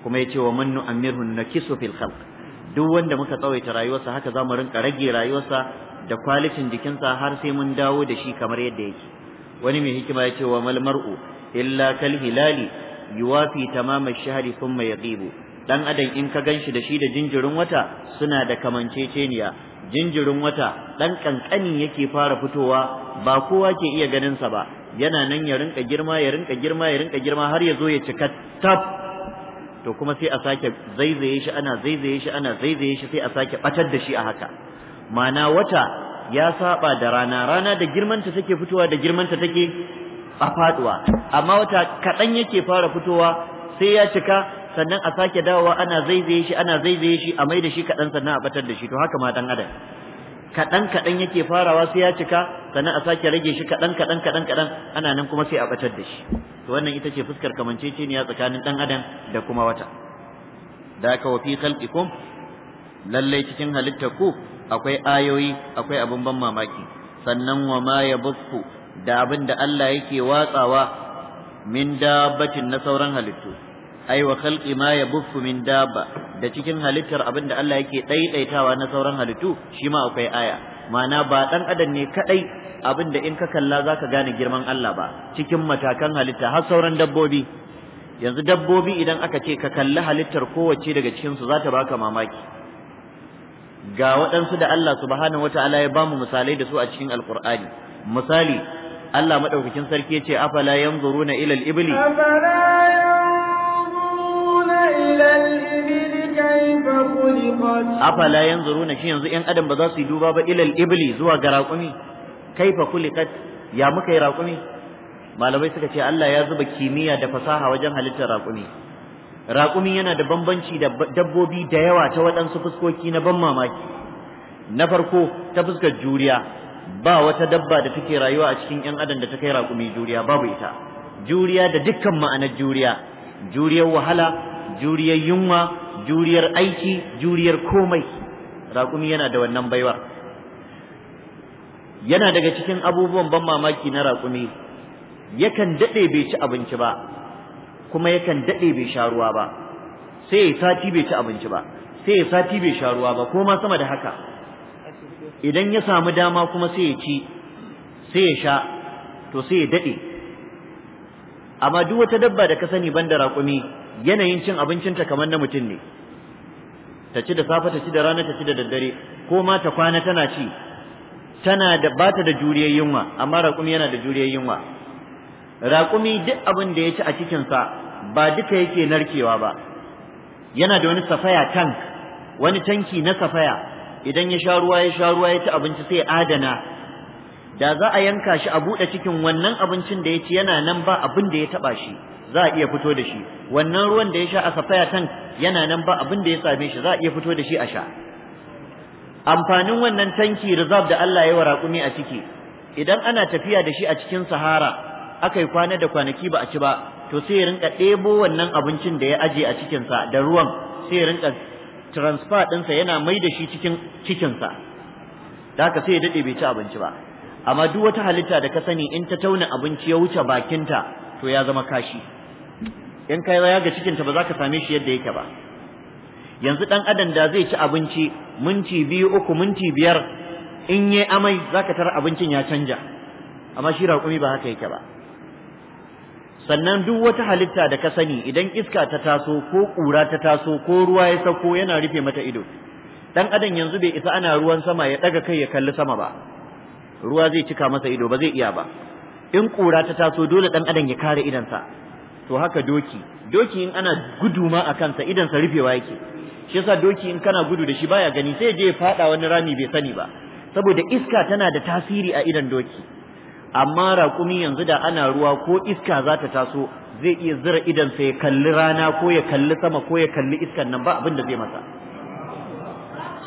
kuma yace wa mannu nu'ammirhu nakisu fil khalq duk wanda muka tsawaita rayuwarsa haka za mu rinka rage rayuwarsa da kwalitin jikinsa har sai mun dawo da shi kamar yadda yake wani mai hikima ya ce wa mal illa kal hilali yuwafi tamama shahri thumma yaqibu dan adam in ka ganshi da shi da jinjirin wata suna da kamanceceniya jinjirin wata dan kankani yake fara fitowa ba kowa ke iya ganin sa ba yana nan ya rinka girma ya rinka girma ya rinka girma har ya zo ya cika tab to kuma sai a sake zaizaye shi ana zaizaye shi ana zaizaye shi sai a sake batar da shi a haka mana wata ya saba da rana rana da girmanta take fitowa da girmanta take a faduwa amma wata kaɗan yake fara fitowa sai ya cika sannan a sake dawowa ana zaizaye shi ana zaizaye shi a mai da shi kaɗan sannan a batar da shi to haka ma dan adam kaɗan kaɗan yake farawa sai ya cika sannan a sake rage shi kaɗan kaɗan kaɗan kaɗan ana nan kuma sai a batar da shi to wannan ita ce fuskar kamanceceniya tsakanin ɗan adam da kuma wata da aka wafi khalqikum lallai cikin halittar ku akwai ayoyi akwai abin ban mamaki sannan wa ma ya bukku da abin da Allah yake watsawa min dabbatin na sauran halittu ai wa khalqi ma yabuffu min da cikin halittar abinda Allah yake ɗaiɗaitawa na sauran halittu shi ma akwai aya ma'ana ba ɗan adam ne kadai abin in ka kalla zaka gane girman Allah ba cikin matakan halitta har sauran dabbobi yanzu dabbobi idan aka ce ka kalli halittar kowace daga cikin su ta baka mamaki ga waɗansu da Allah subhanahu wataala ya bamu misalai da su a cikin alqur'ani misali Allah madaukakin sarki ya ce afala yanzuruna ila al-ibli afala afala yanzuruna shi yanzu 'yan adan ba za su yi duba ba ilal ibili zuwa ga raƙumi kaifa kulikat ya muka yi raƙumi malamai suka ce Allah ya zuba kimiyya da fasaha wajen halittar raƙumi raƙumi yana da bambanci da dabbobi da yawa ta waɗansu fuskoki na ban mamaki na farko ta fuskar juriya ba wata dabba da take rayuwa a cikin ƴan adam da ta kai raƙumi juriya babu ita juriya da dukkan ma'anar juriya juriyar wahala juriyar yunwa juriyar aiki juriyar komai raƙumi yana da wannan baiwar yana daga cikin abubuwan ban mamaki na raƙumi yakan daɗe bai ci abinci ba kuma yakan daɗe bai sha ruwa ba sai ya sati bai ci abinci ba sai ya sati bai sha ruwa ba ko sama da haka idan ya samu dama kuma sai ya ci sai ya sha to sai ya daɗe amma duk wata dabba da ka sani banda raƙumi yanayin cin abincin ta kamar na mutum ne ta ci da safe ta ci da rana ta ci da daddare ko ma ta kwana tana ci tana da bata da juriyar yunwa amma raƙumi yana da juriyar yunwa raƙumi duk abin da ya ci a cikinsa ba duka yake narkewa ba yana da wani safaya tank wani tanki na safaya idan ya sha ruwa ya sha ruwa ya ci abinci sai adana da za a yanka shi a buɗe cikin wannan abincin da ya ci yana nan ba abin da ya taɓa shi za a iya fito da shi wannan ruwan da ya sha a safaya tan yana nan ba abin da ya same shi za a iya fito da shi a sha amfanin wannan tanki reserve da Allah ya wa raƙumi a ciki idan ana tafiya da shi a cikin sahara aka kwana da kwanaki ba a ci ba to sai ya rinka ɗebo wannan abincin da ya aje a cikinsa da ruwan sai ya rinka transfer ɗinsa yana mai da shi cikin cikinsa da haka sai ya dade bai ci abinci ba amma duk wata halitta da ka sani in ta tauna abinci ya wuce bakinta to ya zama kashi in kai ya ga cikinta ba za ka same shi yadda yake ba yanzu dan adam da zai ci abinci minti biyu uku minti biyar in yi amai zaka ka tara abincin ya canja amma shi raƙumi ba haka yake ba sannan duk wata halitta da ka sani idan iska ta taso ko ƙura ta taso ko ruwa ya sauko yana rufe mata ido dan adam yanzu bai isa ana ruwan sama ya daga kai ya kalli sama ba ruwa zai cika masa ido ba zai iya ba in ƙura ta taso dole dan adam ya kare idansa to haka doki doki in ana gudu ma a kansa idan sa rufewa yake shi yasa doki in kana gudu da shi baya gani sai je ya fada wani rami bai sani ba saboda iska tana da tasiri a idan doki amma raƙumi yanzu da ana ruwa ko iska za ta taso zai iya zira idan sa ya kalli rana ko ya kalli sama ko ya kalli iskan nan ba abin da zai masa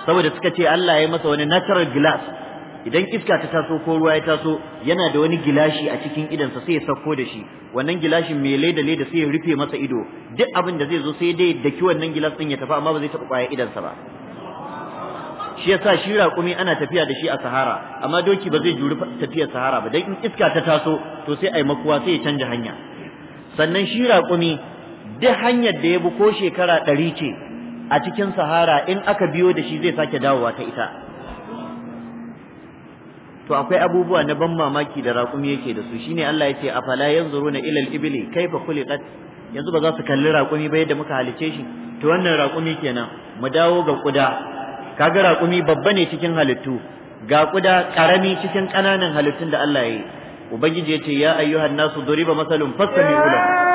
saboda suka ce Allah ya masa wani natural glass idan iska ta taso ko ruwa ya taso yana da wani gilashi a cikin idansa sai ya sauko da shi wannan gilashin mai leda leda sai ya rufe masa ido duk abin da zai zo sai dai ki wannan gilas din ya tafi amma ba zai taɓa kwaya idansa ba shi yasa shi raƙumi ana tafiya da shi a sahara amma doki ba zai juri tafiyar sahara ba dan in iska ta taso to sai ai makuwa sai ya canja hanya sannan shi raƙumi duk hanyar da ya bi ko shekara ɗari ce a cikin sahara in aka biyo da shi zai sake dawowa ta ita to akwai abubuwa na ban mamaki da raƙumi yake da su shine Allah ya ce afala yanzuruna ila al-ibli kaifa khuliqat yanzu ba za su kalli raƙumi ba yadda muka halice shi to wannan raƙumi kenan mu dawo ga kuda kaga raƙumi babba ne cikin halittu ga kuda karami cikin ƙananan halittun da Allah ya yi ubangiji ya ce ya ayyuhan nasu duriba masalun fastami'u lahu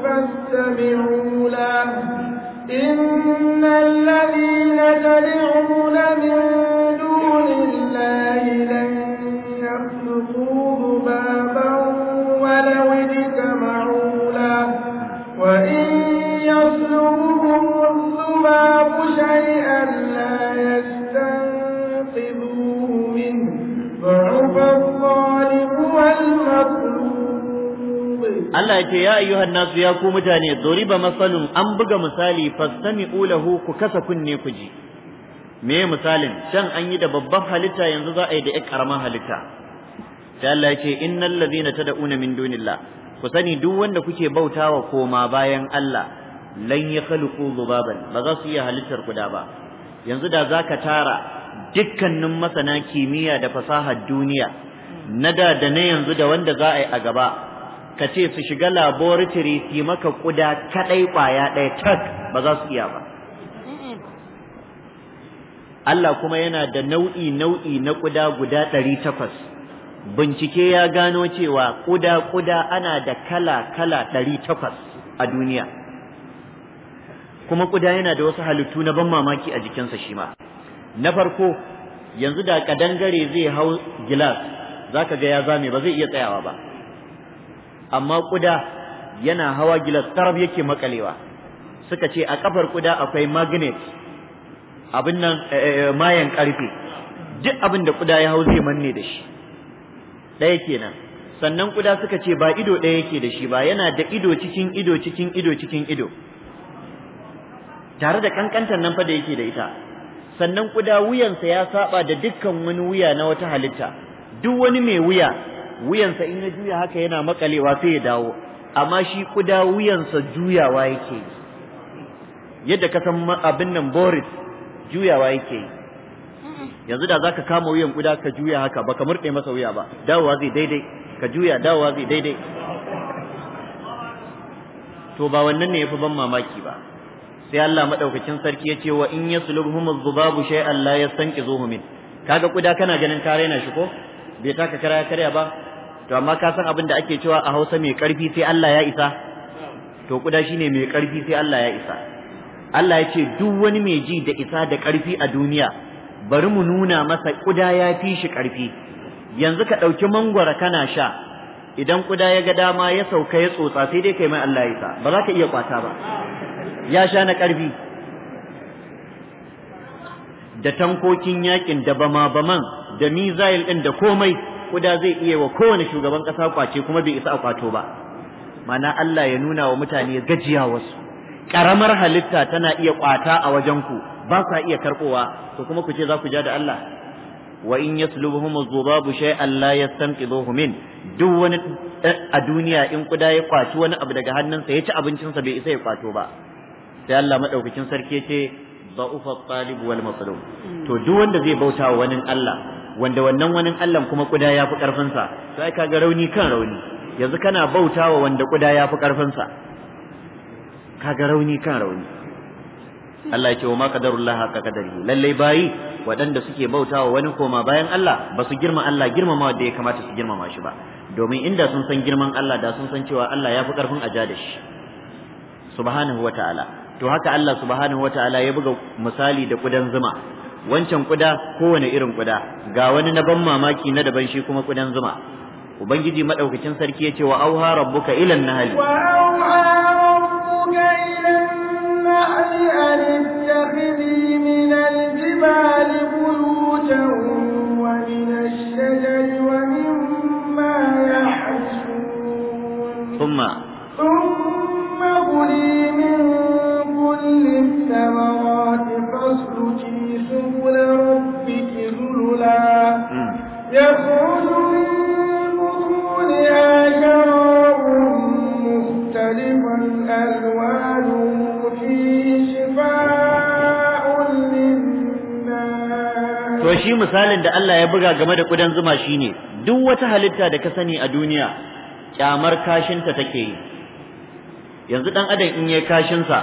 فاستمعوا له إن الذين تدعون من دون الله وإن يسلبهم الذباب شيئا لا يسلبه Allah ya ce ya ayyuhan nasu ya ku mutane ba masalun an buga misali fastami'u ulahu ku kasa kunne ku ji me misalin can an yi da babban halitta yanzu za a yi da ƴan karamar halitta sai Allah ya ce innal ladina tad'una min dunillah ku sani duk wanda kuke bautawa koma bayan Allah lan yakhluqu dhubaban ba za su iya halittar ku da ba yanzu da zaka tara dukkanin masana kimiyya da fasahar duniya na da da na yanzu da wanda za a yi a gaba ka ce su shiga laboratory su maka kuda kadai kwaya ɗaya tak ba za su iya ba Allah kuma yana da nau'i nau'i na kuda guda ɗari takwas bincike ya gano cewa kuda kuda ana da kala kala ɗari takwas a duniya kuma kuda yana da wasu halittu na ban mamaki a jikinsa shi ma na farko yanzu da kadangare zai hau gilas za ka ga ya zame ba zai iya tsayawa ba amma kuda yana hawa gilas tarab yake makalewa suka ce a kafar kuda akwai magnet abin nan eh, eh, eh, mayan karfe duk abin da kuda ya hau zai manne da shi ɗaya kenan sannan kuda suka ce ba ido ɗaya yake da shi ba yana da ido cikin ido cikin ido cikin ido tare da kankantar nan fa da yake da ita sannan kuda wuyansa ya saba da dukkan wani wuya na wata halitta duk wani mai wuya wuyansa in ya juya haka yana makalewa sai ya dawo amma shi kuda wuyansa juyawa yake yadda ka san abin nan boris juyawa yake yi yanzu da zaka kama wuyan kuda ka juya haka baka murde masa wuya ba dawowa zai daidai ka juya dawowa zai daidai to ba wannan ne yafi ban mamaki ba sai Allah madaukakin sarki ya ce wa in yaslubhum az-zubabu shay'an la yastanqidhuhu min kaga kuda kana ganin ka raina shi ko bai taka kara karya ba to amma ka san abin da ake cewa a Hausa mai ƙarfi sai Allah ya isa to kuda shine mai ƙarfi sai Allah ya isa Allah ya ce duk wani mai ji da isa da ƙarfi a duniya bari mu nuna masa kuda ya fi shi ƙarfi. yanzu ka ɗauki mangwara kana sha idan kuda ya ga dama ya sauka ya tsotsa sai dai kai mai Allah ya isa ba za ka iya kwata ba ya sha na ƙarfi. da tankokin yakin da bama baman da mizail din da komai kuda zai iya wa kowane shugaban ƙasa kwace kuma bai isa a kwato ba mana Allah ya nuna wa mutane gajiya wasu ƙaramar halitta tana iya kwata a wajen ku ba sa iya karɓowa to kuma ku ce za ku ja da Allah wa in yaslubuhum adh-dhubabu shay'an la yastanqidhuhu min duk wani a duniya in kuda ya kwaci wani abu daga hannunsa ya ci abincinsa bai isa ya kwato ba sai Allah madaukakin sarki ya ce da'ufa talib wal matlub hmm. to duk wanda zai bauta wa wani Allah wanda wannan wani Allah kuma kuda ya fi ƙarfinsa sai ka ga rauni kan rauni yanzu kana bautawa wanda kuda ya fi ƙarfinsa ga rauni kan rauni Allah ya ce wa ma qadarullah kadar qadarihi lalle bayi waɗanda suke bautawa wani koma bayan Allah ba su girma Allah girmama wadda ya kamata su girmama shi ba domin inda sun san girman Allah da sun san cewa Allah ya fi ƙarfin ja da shi subhanahu wata'ala to haka Allah subhanahu wata'ala ya buga misali da kudan zuma wancan kuda kowane irin kuda ga wani na ban mamaki na daban shi kuma kudan zuma ubangiji madaukakin sarki yace wa auha rabbuka ila nahli hali. wa auha rabbuka ila nahli an tattakhidhi misalin da Allah ya buga game da kudan zuma shine duk wata halitta da ka sani a duniya kyamar kashinta take yi yanzu dan adam in yayi kashinsa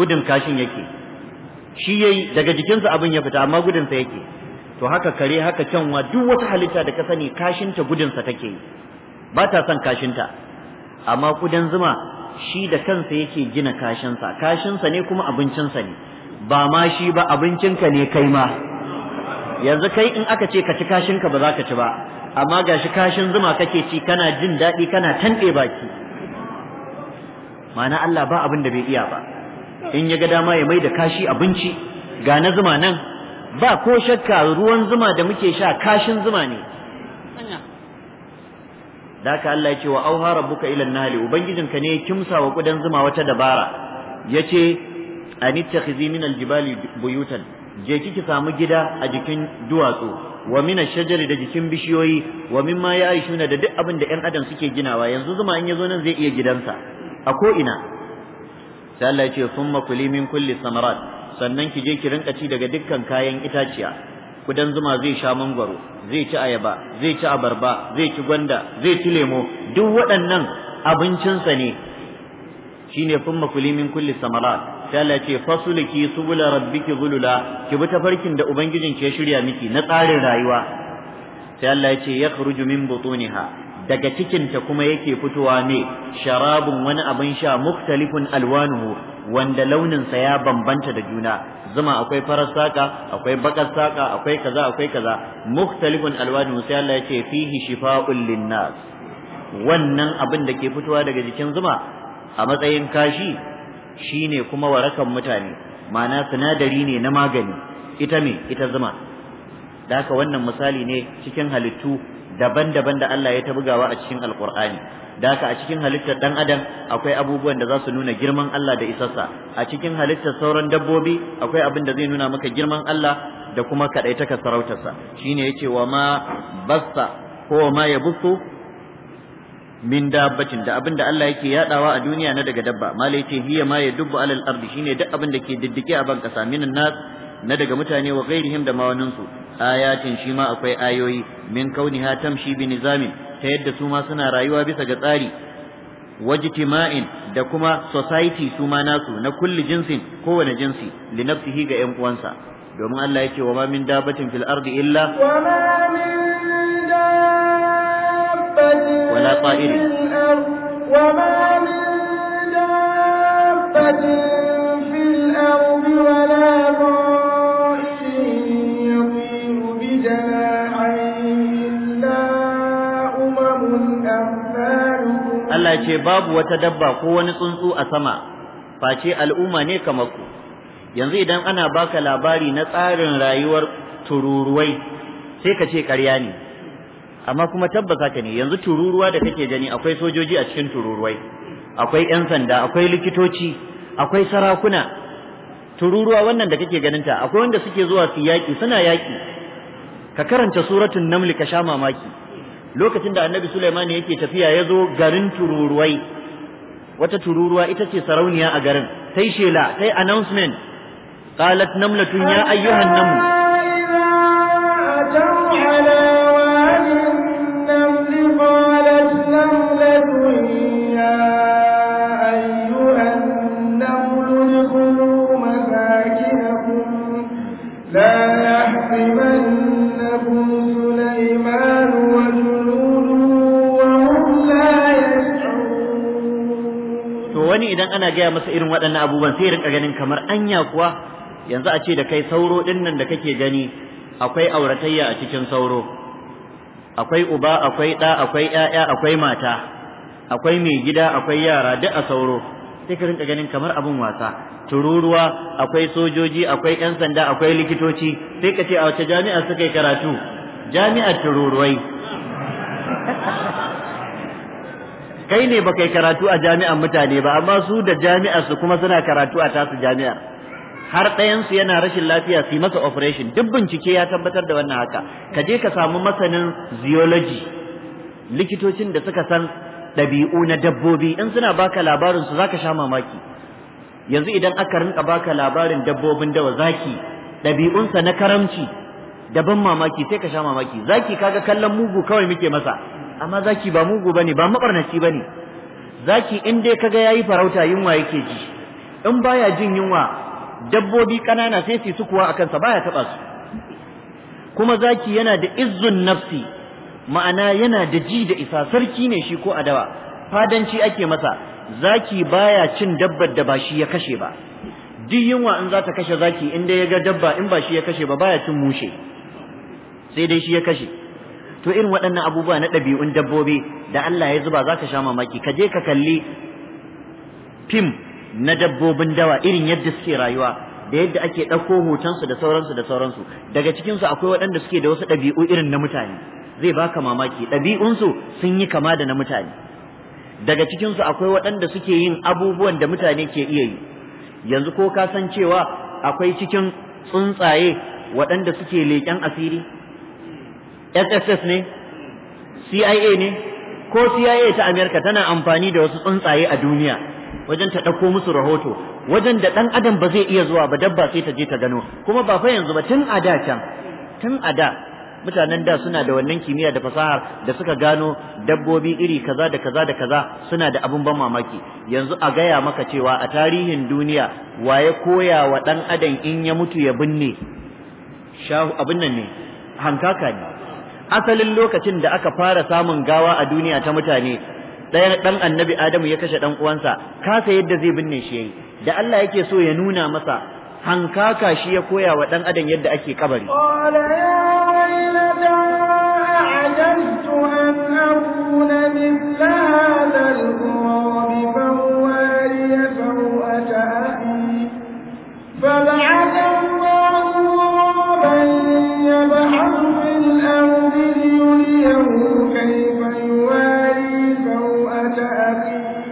gudun kashin yake shi yayi daga jikinsa abin ya fita amma gudunsa yake to haka kare haka canwa duk wata halitta da ka sani kashinta gudunsa take yi ba ta son kashinta amma kudan zuma shi da kansa yake gina kashinsa kashinsa ne kuma abincinsa ne ba ma shi ba abincinka ne kai ma yanzu kai in aka ce ka ci kashin ka ba za ka ci ba amma gashi kashin zuma kake ci kana jin daɗi kana tanɗe baki mana Allah ba abin da bai iya ba in ya ga dama ya mai da kashi abinci ga na zuma nan ba ko shakka ruwan zuma da muke sha kashin zuma ne da ka Allah ya ce wa auha rabbuka ila nahli ka ne kimsa wa kudan zuma wata dabara yace anittakhizi min aljibali buyutan je kiki samu gida a jikin duwatsu wa min shajari da jikin bishiyoyi wa mimma na da duk abin da 'yan adam suke ginawa yanzu zuma in yazo nan zai iya gidansa a ko ina sai Allah ya ce summa kuli min kulli samarat sannan ki je ki rinka ci daga dukkan kayan itaciya kudan zuma zai sha mangwaro zai ci ayaba zai ci abarba zai ci gwanda zai ci lemo duk waɗannan abincinsa ne shine summa kuli min kulli samarat sai Allah ce fasuliki subula rabbiki zulula ki bi tafarkin da ubangijin ke shirya miki na tsarin rayuwa sai Allah ya ce yakhruju min butuniha daga cikinta kuma yake fitowa ne sharabun wani abin sha muktalifun alwanuhu wanda launin sa ya bambanta da juna zuma akwai farar saka akwai bakar saka akwai kaza akwai kaza muktalifun alwanuhu sai Allah ya ce fihi shifa'un linnas wannan abin da ke fitowa daga jikin zuma a matsayin kashi Shi ne kuma warakan mutane ma'ana sinadari ne na magani ita me ita zuma da haka wannan misali ne cikin halittu daban-daban da Allah ya ta bugawa a cikin alkur'ani da haka a cikin halittar dan adam akwai abubuwan da za su nuna girman Allah da isarsa a cikin halittar sauran dabbobi akwai abin da zai nuna maka girman Allah da kuma kaɗaitaka sarautarsa shine yace wa ma basta ko ma yabsu min dabbatin da abin da Allah yake yadawa a duniya na daga dabba malai ce hiya ma yadubbu alal ardi shine duk abin da ke diddike a ban kasa minan nas na daga mutane wa ghairihim da mawanin su ayatin shi ma akwai ayoyi min kauniha tamshi bi nizamin ta yadda su ma suna rayuwa bisa ga tsari wajtima'in da kuma society su ma nasu na kulli jinsin kowane jinsi li ga yan uwansa domin Allah yake wa ma min dabbatin fil ardi illa wa ma min ولا طائر وما من دابة في الأرض ولا Allah ce babu wata dabba ko wani tsuntsu a sama face al'umma ne kamaku yanzu idan ana baka labari na tsarin rayuwar tururuwai sai ka ce ƙarya ne amma kuma tabbas haka ne yanzu tururuwa da kake gani akwai sojoji a cikin tururuwai akwai 'yan sanda akwai likitoci akwai sarakuna tururuwa wannan da kake ganin ta akwai wanda suke zuwa su yaki suna yaki ka karanta suratun naml ka sha mamaki lokacin da annabi sulaiman yake tafiya ya zo garin tururuwai wata tururuwa ita ce sarauniya a garin sai shela sai announcement qalat namlatun ya ayyuhan naml idan ana gaya masa irin waɗannan abubuwan sai rinka ganin kamar anya kuwa yanzu a ce da kai sauro ɗin nan da kake gani akwai auratayya a cikin sauro akwai uba akwai ɗa akwai ƴaƴa akwai mata akwai mai gida akwai yara duk a sauro sai ka rinka ganin kamar abin wasa tururuwa akwai sojoji akwai yan sanda akwai likitoci sai ka ce a wace jami'a suka yi karatu jami'ar tururuwai *laughs* kai ne baka yi karatu a jami'an mutane ba amma su da jami'ar su kuma suna karatu a tasu jami'ar har ɗayan yana rashin lafiya su yi masa operation duk bincike ya tabbatar da wannan haka ka je ka samu masanin zoology likitocin da suka san ɗabi'u na dabbobi in suna baka labarin su zaka sha mamaki yanzu idan aka rinka baka labarin dabbobin dawa zaki ɗabi'unsa na karamci da ban mamaki sai ka sha mamaki zaki kaga kallon mugu kawai muke masa amma zaki ba mugu bane ba mabarnaci bane zaki in dai kaga yayi farauta yunwa yake ji in baya jin yunwa dabbobi kanana sai su kuwa akan sa baya taba su kuma zaki yana da izzun nafsi ma'ana yana da ji da isa sarki ne shi ko adawa fadanci ake masa zaki baya cin dabbar da ba shi ya kashe ba duk yunwa in za ta kashe zaki in dai ya ga dabba in ba shi ya kashe ba baya cin mushe sai dai shi ya kashe to irin waɗannan abubuwa na ɗabi'un dabbobi da Allah ya zuba za ka sha mamaki ka je ka kalli fim na dabbobin dawa irin yadda suke rayuwa da yadda ake ɗauko hotonsu da sauransu da sauransu daga cikinsu akwai waɗanda suke da wasu ɗabi'u irin na mutane zai baka mamaki ɗabi'unsu sun yi kama da na mutane daga cikinsu akwai waɗanda suke yin abubuwan da mutane ke iya yi yanzu ko ka san cewa akwai cikin tsuntsaye waɗanda suke leƙen asiri sss ne cia ne ko cia ta amerika tana amfani da wasu tsuntsaye a duniya wajen ta ɗauko musu rahoto wajen da ɗan adam ba zai iya zuwa ba dabba sai ta je ta gano kuma ba fa yanzu ba tun a da can tun a da mutanen da suna da wannan kimiyya da fasahar da suka gano dabbobi iri kaza da kaza da kaza suna da abun ban mamaki yanzu a gaya maka cewa a tarihin duniya waye koya wa dan adam in ya mutu ya binne shahu abin nan ne hankaka ne asalin lokacin da aka fara samun gawa a duniya ta mutane ɗaya ɗan annabi adamu ya kashe ɗan uwansa kasa yadda zai binne shi yayi da Allah yake so ya nuna masa hankaka shi ya koya wa ɗan adam yadda ake kabari ليلة أعجبت أن أكون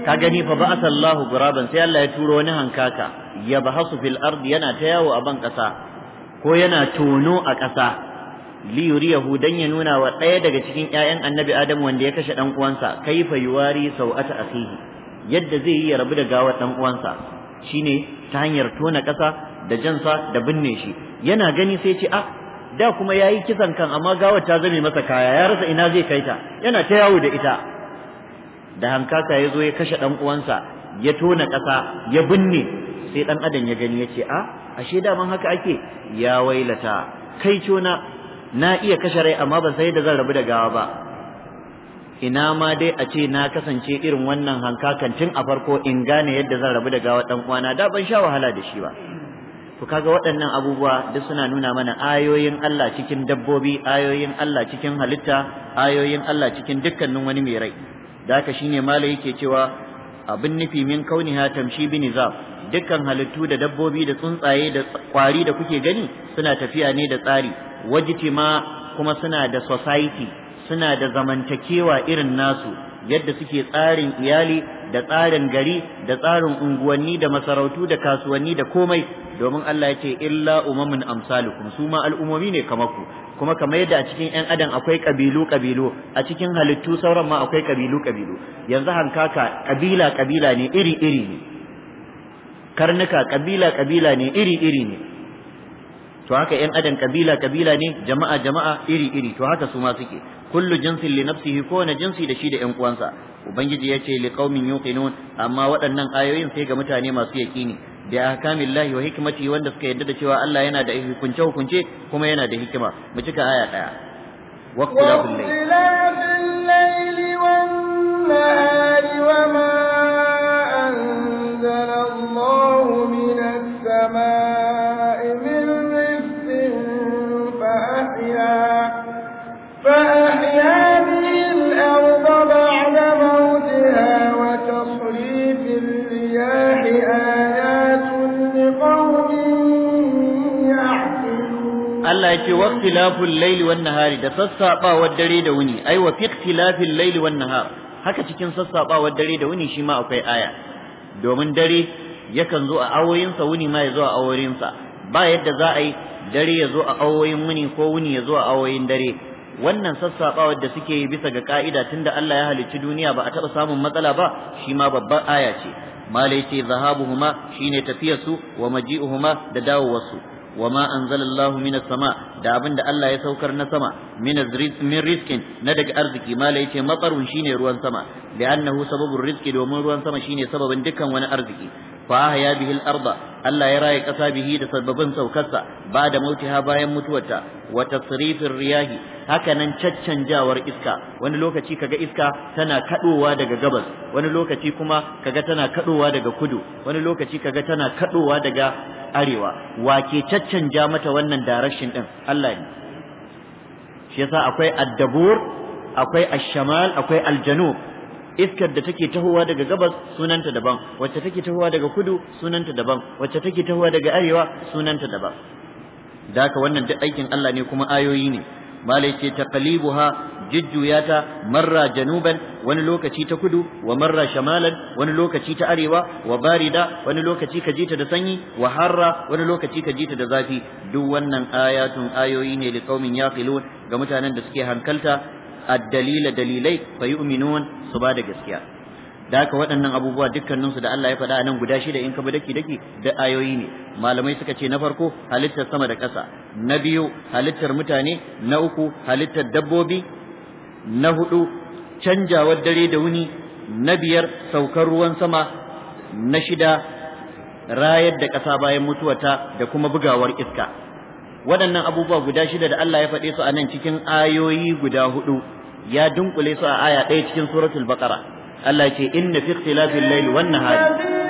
ka gani fa ba'atha Allahu guraban sai Allah ya turo wani hankaka ya bahasu fil ardi yana ta yawo a ban kasa ko yana tono a ƙasa li yuriyahu dan ya nuna wa ɗaya daga cikin ƴaƴan annabi adam wanda ya kashe dan uwansa kaifa yuwari sau'ata akhihi yadda zai yi ya rabu da gawar dan uwansa shine ta hanyar tona kasa da jansa da binne shi yana gani sai ce ah da kuma yayi kisan kan amma gawar ta zame masa kaya ya rasa ina zai kai ta yana ta yawo da ita da hankaka ya zo ya kashe dan uwansa ya tona kasa ya binne sai dan adam ya gani ya ce a ah, ashe man haka ake ya wailata kai cona na iya kashe rai amma ban san yadda zan rabu da gawa ba ina ma dai a ce na kasance irin wannan hankakan tun a farko in gane yadda zan rabu da gawa dan uwana da ban sha wahala da shi ba to kaga waɗannan abubuwa duk suna nuna mana ayoyin Allah cikin dabbobi ayoyin Allah cikin halitta ayoyin Allah cikin dukkanin wani mai rai da haka shine mala yake cewa abin nufi min kauniha tamshi bi nizam dukkan halittu da dabbobi da tsuntsaye da kwari da kuke gani suna tafiya ne da tsari Wajitima kuma suna da society suna da zamantakewa irin nasu yadda suke tsarin iyali da tsarin gari da tsarin unguwanni da masarautu da kasuwanni da komai domin Allah ya ce illa umamun amsalukum su ma al'umomi ne kamar kuma kamar yadda a cikin ƴan adam akwai kabilu kabilu a cikin halittu sauran ma akwai kabilu kabilu yanzu hankaka kabila kabila ne iri iri ne karnuka kabila kabila ne iri iri ne to haka yan adam kabila kabila ne jama'a jama'a iri iri to haka su ma suke kullu jinsin li nafsihi kowane jinsi da shi da yan uwansa ubangiji ya ce li qaumin yuqinun amma waɗannan ayoyin sai ga mutane masu yaqini bi ahkamillahi wa hikmati wanda suka yadda da cewa Allah yana da hukunce hukunce kuma yana da hikima mu cika aya daya waqtilafil layli wan nahari wa ma ta'ala ya ce waqtilaful layli wan nahari da sassabawar dare da wuni ai wa fi layli wan nahar haka cikin sassabawar dare da wuni shima akwai aya domin dare yakan zo a awoyinsa wuni ma ya zo a awoyinsa ba yadda za a yi dare ya zo a awoyin wuni ko wuni ya zo a awoyin dare wannan sassabawar da suke yi bisa ga ka'ida tunda Allah ya halicci duniya ba a taɓa samun matsala ba Shima babbar aya ce malai ce zahabuhuma shine tafiyarsu wa maji'uhuma da dawowarsu wa ma anzalallahu minas sama da abin da Allah ya saukar na sama min rizqin na daga arziki mala yace shi ne ruwan sama li'annahu sababur rizqi domin ruwan sama shine sababin dukkan wani arziki fa ya bihil arda Allah ya raye kasa bihi da sababin saukarsa ba da mautiha bayan mutuwarta wa tasrifir riyahi haka nan caccanjawar iska wani lokaci kaga iska tana kadowa daga gabas wani lokaci kuma kaga tana kadowa daga kudu wani lokaci kaga tana kadowa daga arewa wa ke caccanja mata wannan darashin din Allah ne shi yasa akwai addabur akwai ashamal akwai aljanub iskar da take tahowa daga gabas sunanta daban wacce take tahowa daga kudu sunanta daban wacce take tahowa daga arewa sunanta daban daka wannan duk aikin Allah ne kuma ayoyi ne malai ce taqlibuha jujjuyata marra januban wani lokaci ta kudu wa marra shamalan wani lokaci ta arewa wa barida wani lokaci ka jita da sanyi wa harra wani lokaci ka jita da zafi duk wannan ayatun ayoyi ne liqaumin yaqilun ga mutanen da suke hankalta ad-dalila dalilai fa yu'minun su ba da gaskiya da haka waɗannan abubuwa dukkaninsu da Allah ya faɗa a nan guda shida in ka bi daki daki da ayoyi ne malamai suka ce na farko halittar sama da ƙasa na biyu halittar mutane na uku halittar dabbobi na hudu canjawar dare da wuni na biyar saukar ruwan sama na shida rayar da ƙasa bayan mutuwata da kuma bugawar iska waɗannan abubuwa guda shida da Allah ya faɗe su a nan cikin ayoyi guda hudu ya dunkule su a aya ɗaya cikin suratul baqara Allah ce inna fi ikhtilafil layli wan nahari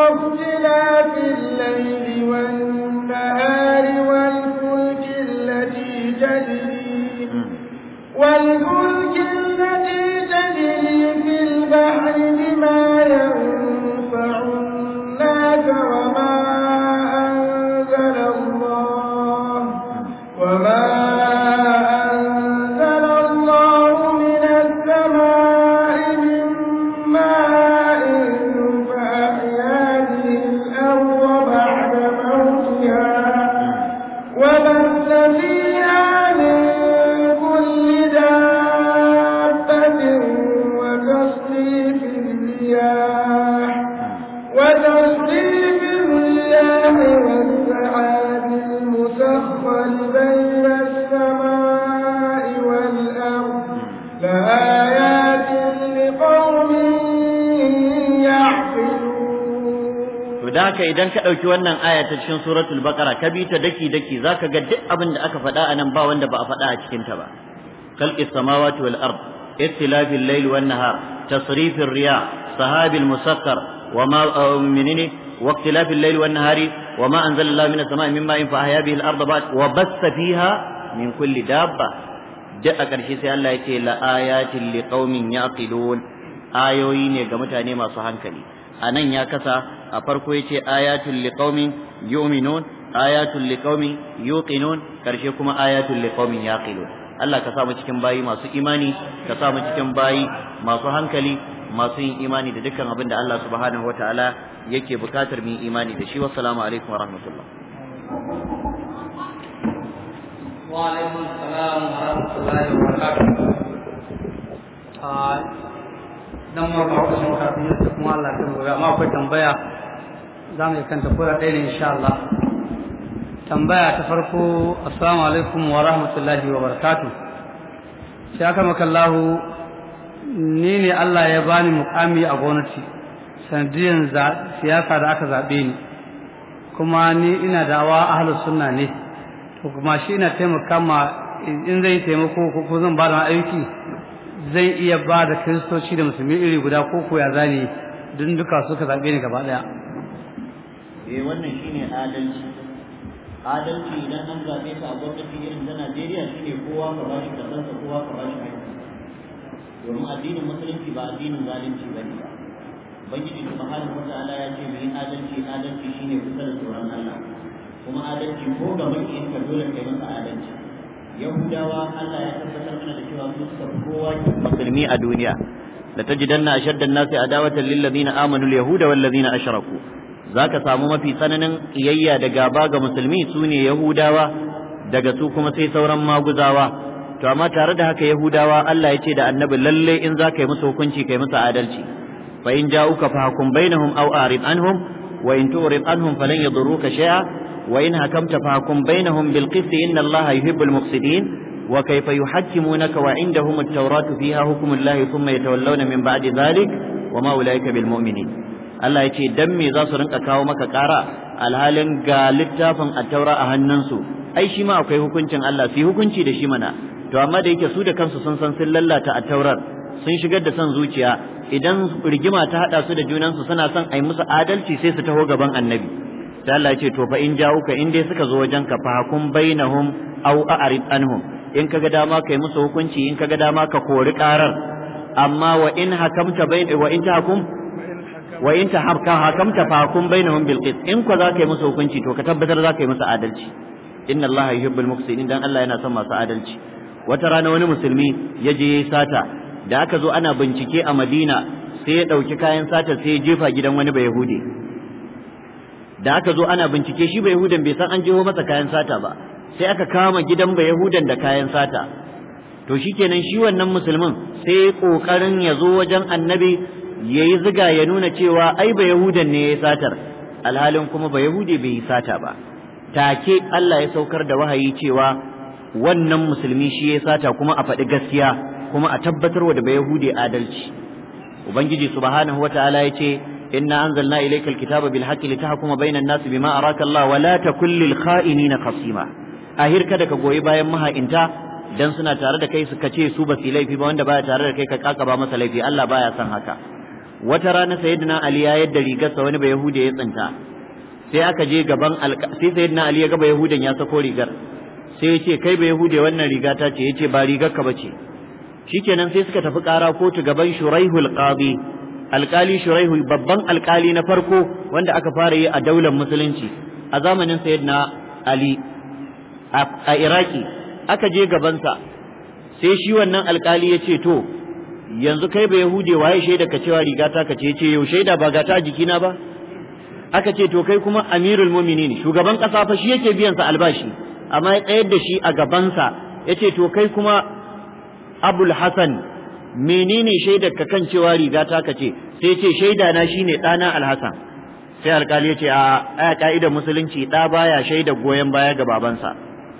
واختلاف الليل والنهار والفلك التي تجري في البحر بما يروي وما أنزل الله وما haka idan ka ɗauki wannan aya ta cikin suratul bakara ka bi ta daki daki zaka ga duk abin da aka faɗa a nan ba wanda ba a faɗa a cikin ta ba khalqi samawati wal ard ittilafi al-layl wan nahar tasrifi riya sahabi al-musakkar wa ma uh, minni wa ittilafi al-layl wan wa ma anzala Allah min as-sama'i mimma al-ard wa bassa fiha min kulli dabba duk a ƙarshe sai Allah ya ce la ayatin liqaumin yaqilun ayoyi ne ga mutane masu hankali anan ya kasa a farko yace ayatul liqaumin yu'minun ayatul liqaumin yuqinun karshe kuma ayatul liqaumin yaqilun Allah ka sa mu cikin bayi masu imani ka sa mu cikin bayi masu hankali masu yin imani da dukkan abin da Allah subhanahu wataala yake bukatar mu imani da shi assalamu alaikum wa rahmatullah wa alaikum assalam wa rahmatullahi wa barakatuh ah, dan ma ba wata shawara ta yi kuma Allah ta gobe amma akwai tambaya za mu yi kanta kura ɗaya ne insha Allah tambaya ta farko assalamu alaikum wa rahmatullahi wa barakatu sai aka Kallahu ni ne Allah ya bani mukami a gwamnati sanadiyan siyasa da aka zaɓe ni kuma ni ina dawa ahlus sunna ne to kuma shi ina taimaka ma in zai taimako ko ko zan ba da aiki zai iya ba da kiristoci da musulmi iri guda ko koya za ne don duka suka zaɓe ni gaba ɗaya eh wannan shine adalci adalci idan an zaɓe ka a gwamnati irin ta Najeriya shine kowa ka ba shi kasansa kowa ka ba shi aiki domin addinin musulunci ba addinin zalunci ba ne ba ubangiji subhanahu wataala ya ce mai adalci adalci shine kusa da tsoron Allah kuma adalci ko ga mai ka dole kai masa adalci yahudawa Allah ya tabbatar mana da cewa su suka kowa musulmi a duniya la tajidanna ashadda an-nasi adawatan lil ladina amanu al-yahuda wal ladina ashraku zaka samu mafi tsananin kiyayya da gaba ga musulmi sune yahudawa daga su kuma sai sauran maguzawa to amma tare da haka yahudawa Allah ya ce da annabi lalle in za ka yi musu hukunci kai musu adalci fa in ja'uka fa hukum bainahum aw arid anhum wa in turid anhum falan yadurruka shay'a وإن هكمت فهكم بينهم بالقسط إن الله يحب المفسدين وكيف يحكمونك وعندهم التوراة فيها حكم الله ثم يتولون من بعد ذلك وما أولئك بالمؤمنين Allah ya ce dan me za su rinka kawo maka ƙara alhalin ga littafin attaura a hannunsu ai shi ma akwai hukuncin Allah su yi hukunci da shi mana to amma da yake su da kansu sun san sun lallata attaurar sun shigar da son zuciya idan rigima ta haɗa su da junansu suna son yi musu adalci sai su taho gaban annabi sai Allah ya ce to fa in jawuka in dai suka zo wajenka fa kun bainahum aw a'rid anhum in kaga dama kai musu hukunci in kaga dama ka kori karar amma wa in hakamta bain wa in tahkum wa in tahabka hakamta fa kun bainahum bil qist in ko za ka yi musu hukunci to ka tabbatar za ka yi musu adalci inna Allah yuhibbul muqsitin dan Allah yana son masu adalci wata rana wani musulmi ya je sata da aka zo ana bincike a Madina sai ya ɗauki kayan sata sai ya jefa gidan wani ba Yahudi da aka zo ana bincike shi ba yahudan bai san an jeho masa kayan sata ba sai aka kama gidan ba yahudan da kayan sata to shikenan shi wannan musulmin sai kokarin ya zo wajen annabi yayi ziga ya nuna cewa ai ba yahudan ne ya satar alhalin kuma ba yahude bai yi sata ba take Allah ya saukar da wahayi cewa wannan musulmi shi ya sata kuma a faɗi gaskiya kuma a tabbatarwa da ba yahude adalci ubangiji subhanahu wataala ya ce inna anzalna ilayka alkitaba bil haqqi litahkuma bainan nasu bima araka Allah wa la takul na kasima. khasima ahir kada ka goyi bayan maha'inta dan suna tare da kai suka ce su basu laifi ba wanda baya tare da kai ka kaka ba masa laifi Allah baya son haka wata rana sayyidina Ali ya yadda rigarsa wani bayahude ya tsinta sai aka je gaban sai sayyidina Ali ya ga bayahudan ya sako rigar sai ya ce kai bayahude wannan riga ta ce yace ba rigar ka bace shikenan sai suka tafi kara kotu gaban Shuraihul Qadi alkali shuraihu babban alkali na farko wanda aka fara yi a daular musulunci a zamanin sayyidina ali a iraki aka je gabansa sai shi wannan alkali ya ce to yanzu kai ba yahude waye shaida ka cewa riga ta ka ce ce yau shaida ba gata a jikina ba aka ce to kai kuma amirul muminin shugaban kasa fa shi yake biyan sa albashi amma ya tsayar da shi a gabansa ya ce to kai kuma abul hasan menene shaidar ka kan cewa riga ta kace sai ce shaida na shine ɗana alhassan sai alkali ya ce a aya ka'idar musulunci ɗa baya shaidar goyon baya ga babansa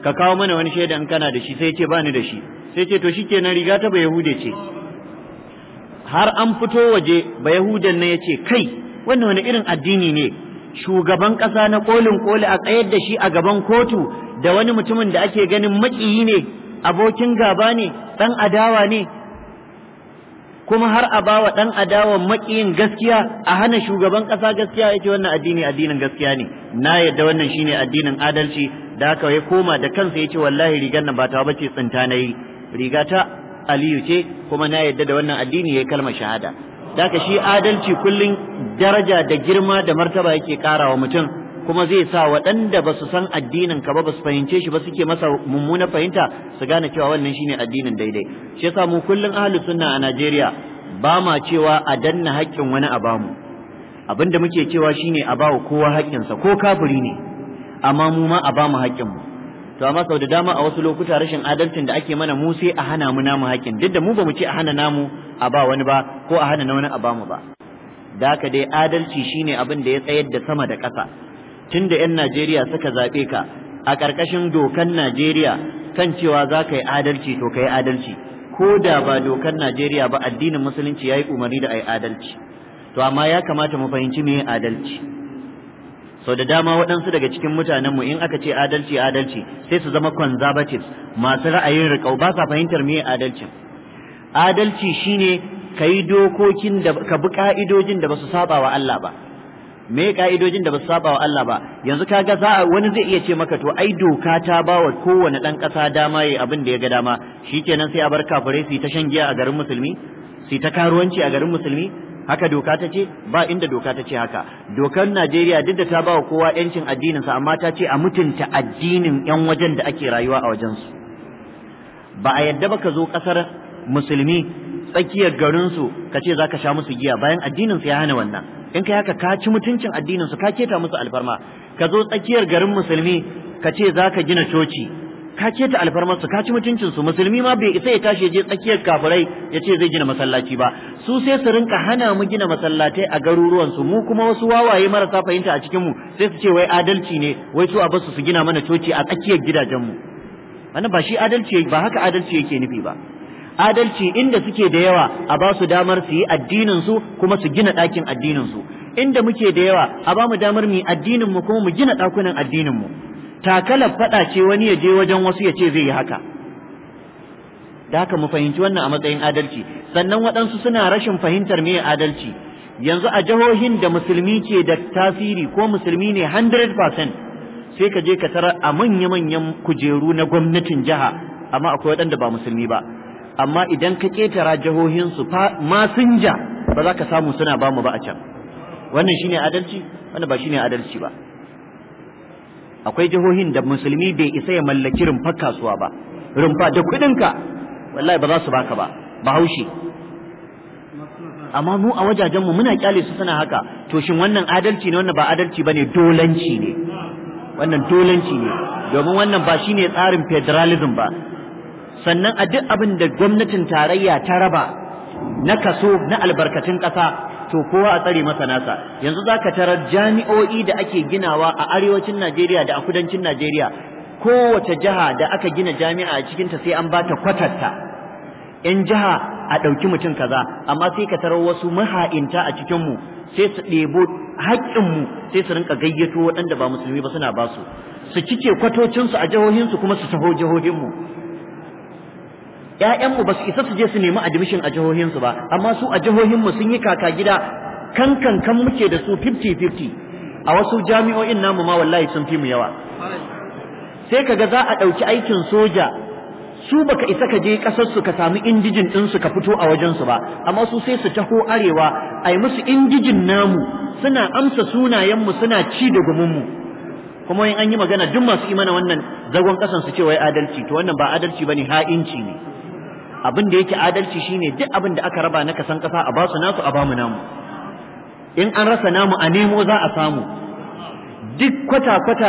ka kawo mana wani shaida in kana da shi sai ce bani da shi sai ce to shikenan riga ta bai yahude ce har an fito waje ba yahudan na ya ce kai wannan wani irin addini ne shugaban ƙasa na kolin koli a tsayar da shi a gaban kotu da wani mutumin da ake ganin maƙiyi ne abokin gaba ne ɗan adawa ne kuma har a bawa ɗan adawa makiyin gaskiya a hana shugaban ƙasa gaskiya ya ce wannan addini addinin gaskiya ne na yadda wannan shine addinin adalci da haka ya koma da kansa ya ce, wallahi rigar nan ba ta bace tsinta nayi riga ta Aliyu ce kuma na yadda da wannan addini ya yi kalmar shahada da haka shi adalci kullum daraja da girma da martaba yake wa mutum kuma zai sa waɗanda ba su san addinin ka ba ba su fahimce shi ba suke masa mummuna fahimta su gane cewa wannan shine addinin daidai shi yasa mu kullun ahli sunna a Najeriya ba ma cewa a danna haƙƙin wani a bamu abinda muke cewa shine a bawa kowa haƙƙinsa ko kafiri ne amma mu ma a bamu mu. to amma sau da dama a wasu lokuta rashin adalcin da ake mana mu sai a hana mu namu haƙƙin duk da mu ba mu ce a hana namu a ba wani ba ko a hana na wani a ba mu ba da dai adalci shine abin da ya tsayar da sama da ƙasa Tun da 'yan Najeriya suka zaɓe ka a ƙarƙashin dokan Najeriya kan cewa za ka yi adalci to ka yi adalci ko da ba dokar Najeriya ba addinin musulunci ya yi umarni da a yi adalci to amma ya kamata mu fahimci me adalci sau da dama waɗansu daga cikin mutanenmu in aka ce adalci adalci sai su zama conservatives masu ra'ayin riƙau ba sa fahimtar me adalcin adalci shine ka yi dokokin da ka bi ka'idojin da ba su saba wa Allah ba me ka'idojin da ba su saba wa Allah ba yanzu kaga za wani zai iya ce maka to ai doka ta ba wa kowane dan ƙasa dama yayi abin da ya ga dama shi shikenan sai a bar kafirai su ta shan giya a garin musulmi su ta karuwanci a garin musulmi haka doka ta ce ba inda doka ta ce haka dokar Najeriya duk da ta ba kowa yancin sa amma ta ce a mutunta addinin yan wajen da ake rayuwa a wajen su ba a yadda ba ka zo kasar musulmi tsakiyar garinsu ka ce za ka sha musu giya bayan addininsu ya hana wannan in kai haka ka ci mutuncin addininsu ka keta musu alfarma ka zo tsakiyar garin musulmi ka ce za ka gina coci ka keta alfarmarsu ka ci mutuncinsu musulmi ma bai isa ya tashi je tsakiyar kafirai ya ce zai gina masallaci ba su sai su rinka hana mu gina masallatai a garuruwansu mu kuma wasu wawaye marasa fahimta a cikinmu sai su ce wai adalci ne wai su a basu su gina mana coci a tsakiyar gidajenmu wannan ba shi adalci ba haka adalci yake nufi ba adalci inda suke da yawa a ba su damar su yi addinin su kuma su gina dakin addinin su inda muke da yawa a ba mu damar mu addinin mu kuma mu gina ɗakunan addinin mu takalar faɗa ce wani ya je wajen wasu ya ce zai yi haka da haka mu fahimci wannan a matsayin adalci sannan waɗansu suna rashin fahimtar me adalci yanzu a jihohin da musulmi ke da tasiri ko musulmi ne 100% sai ka je ka tarar a manya-manyan kujeru na gwamnatin jiha amma akwai waɗanda ba musulmi ba amma idan ka ketara jihohinsu masinja ba za ka samu suna ba mu ba a can wannan shine adalci wannan ba shine adalci ba akwai jihohin da musulmi bai isa ya mallaki rumfa kasuwa ba rumfa da kuɗinka wallahi ba za su baka ba bahaushe amma mu a wajajenmu muna kyale su suna haka to shin wannan adalci ne wannan ba adalci bane dolanci ne wannan dolanci ne domin wannan ba shine tsarin federalism ba sannan a duk abin da gwamnatin tarayya ta raba na kaso na albarkatun ƙasa to kowa a tsare masa nasa yanzu za ka tarar jami'o'i da ake ginawa a arewacin Najeriya da a kudancin Najeriya kowace jiha da aka gina jami'a a cikinta sai an bata kwatarta in jiha a ɗauki mutum kaza amma sai ka tarar wasu maha'inta a cikin mu sai su ɗebo haƙƙin mu sai su rinka gayyato waɗanda ba musulmi ba suna basu su kice kwatocinsu a jihohinsu kuma su taho jihohinmu. ƴaƴanmu ba su isa su je su nemi admission a jihohinsu ba amma su a jihohin mu sun yi kaka gida kan kan muke da su 50-50 a wasu jami'o'in namu ma wallahi sun fi mu yawa sai kaga za a ɗauki aikin soja su baka isa ka je ƙasarsu ka samu indijin ɗinsu ka fito a wajensu ba amma su sai su taho arewa a musu indijin namu suna amsa sunayenmu suna ci da gumunmu kuma in an yi magana duk masu imana wannan zagon ƙasan su ce wai adalci to wannan ba adalci bane ha'inci ne abin da yake adalci shine duk abin da aka raba na kasan kasa a basu nasu a bamu namu in an rasa namu a nemo za a samu duk kwata-kwata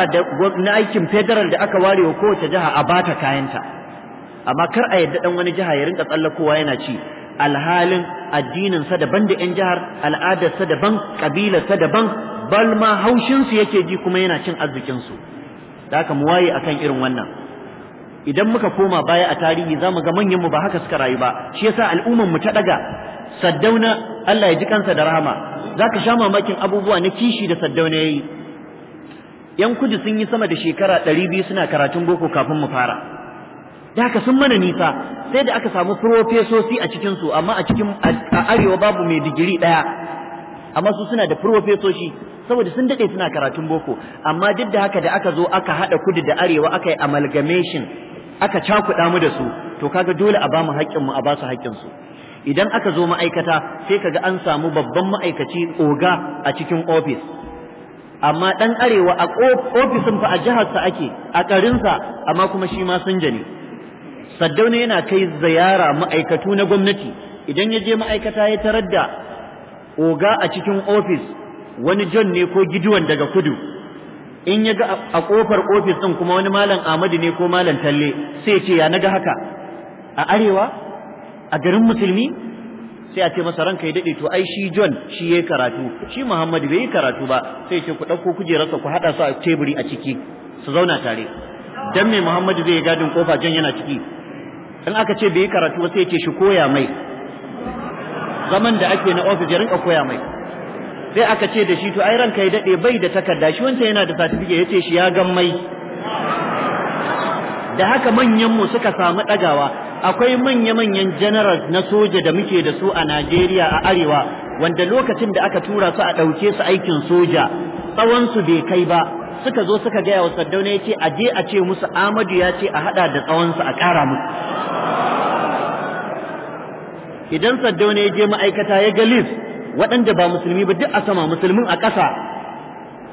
na aikin federal da aka ware wa kowace jiha a bata kayanta amma kar a yadda dan wani jiha ya rinka tsallakowa yana ci alhalin addinin sa daban da 'yan jihar al'adarsa daban kabilarsa daban bal ma haushinsu yake ji kuma yana cin arzikinsu da haka mu waye akan irin wannan idan muka koma baya a tarihi za mu ga manyanmu ba haka suka rayu ba shi yasa al'umman mu ta daga saddauna Allah ya ji kansa da rahama za ka sha mamakin abubuwa na kishi da saddauna ya yi yan kudu sun yi sama da shekara ɗari biyu suna karatun boko kafin mu fara da haka sun mana nisa sai da aka samu furofesosi a cikinsu amma a cikin a arewa babu mai digiri ɗaya amma su suna da furofesoshi saboda sun daɗe suna karatun boko amma duk da haka da aka zo aka haɗa kudu da arewa aka yi amalgamation aka cakuɗa mu da su to kaga dole a bamu haƙƙin mu a ba su haƙƙin su idan aka zo ma'aikata sai kaga an samu babban ma'aikaci oga a cikin ofis amma ɗan arewa a ofisin fa a sa ake a ƙarinsa amma kuma shi ma sun ne saddauna yana kai ziyara ma'aikatu na gwamnati idan ya je ma'aikata ya tarar da oga a cikin ofis wani john ne ko giduwan daga kudu in ya ga a kofar ofis ɗin kuma wani malam Ahmadu ne ko malam Talle sai ce ya naga haka a arewa a garin musulmi sai a ce masa ranka ya dade. to ai shi John shi yayi karatu shi Muhammadu bai yi karatu ba sai ce ku ɗauko kujerarsa ku haɗa su a teburi a ciki su zauna tare dan me Muhammadu zai gadin kofa John yana ciki in aka ce bai yi karatu ba sai ce shi koya mai zaman da ake na ofis ya rinka koya mai sai aka ce da shi to ai ranka ya dade bai da takarda shi wancan yana da certificate yace shi ya gan mai da haka manyan mu suka samu dagawa akwai manya manyan generals na soja da muke da su a Najeriya a arewa wanda lokacin da aka tura su a dauke su aikin soja tsawon su bai kai ba suka zo suka gaya wa Saddauna yace a je a ce musu ahmadu ya ce a hada da tsawon su a kara musu idan Saddauna ya je ma'aikata ya ga list waɗanda ba musulmi ba duk a sama musulmin a ƙasa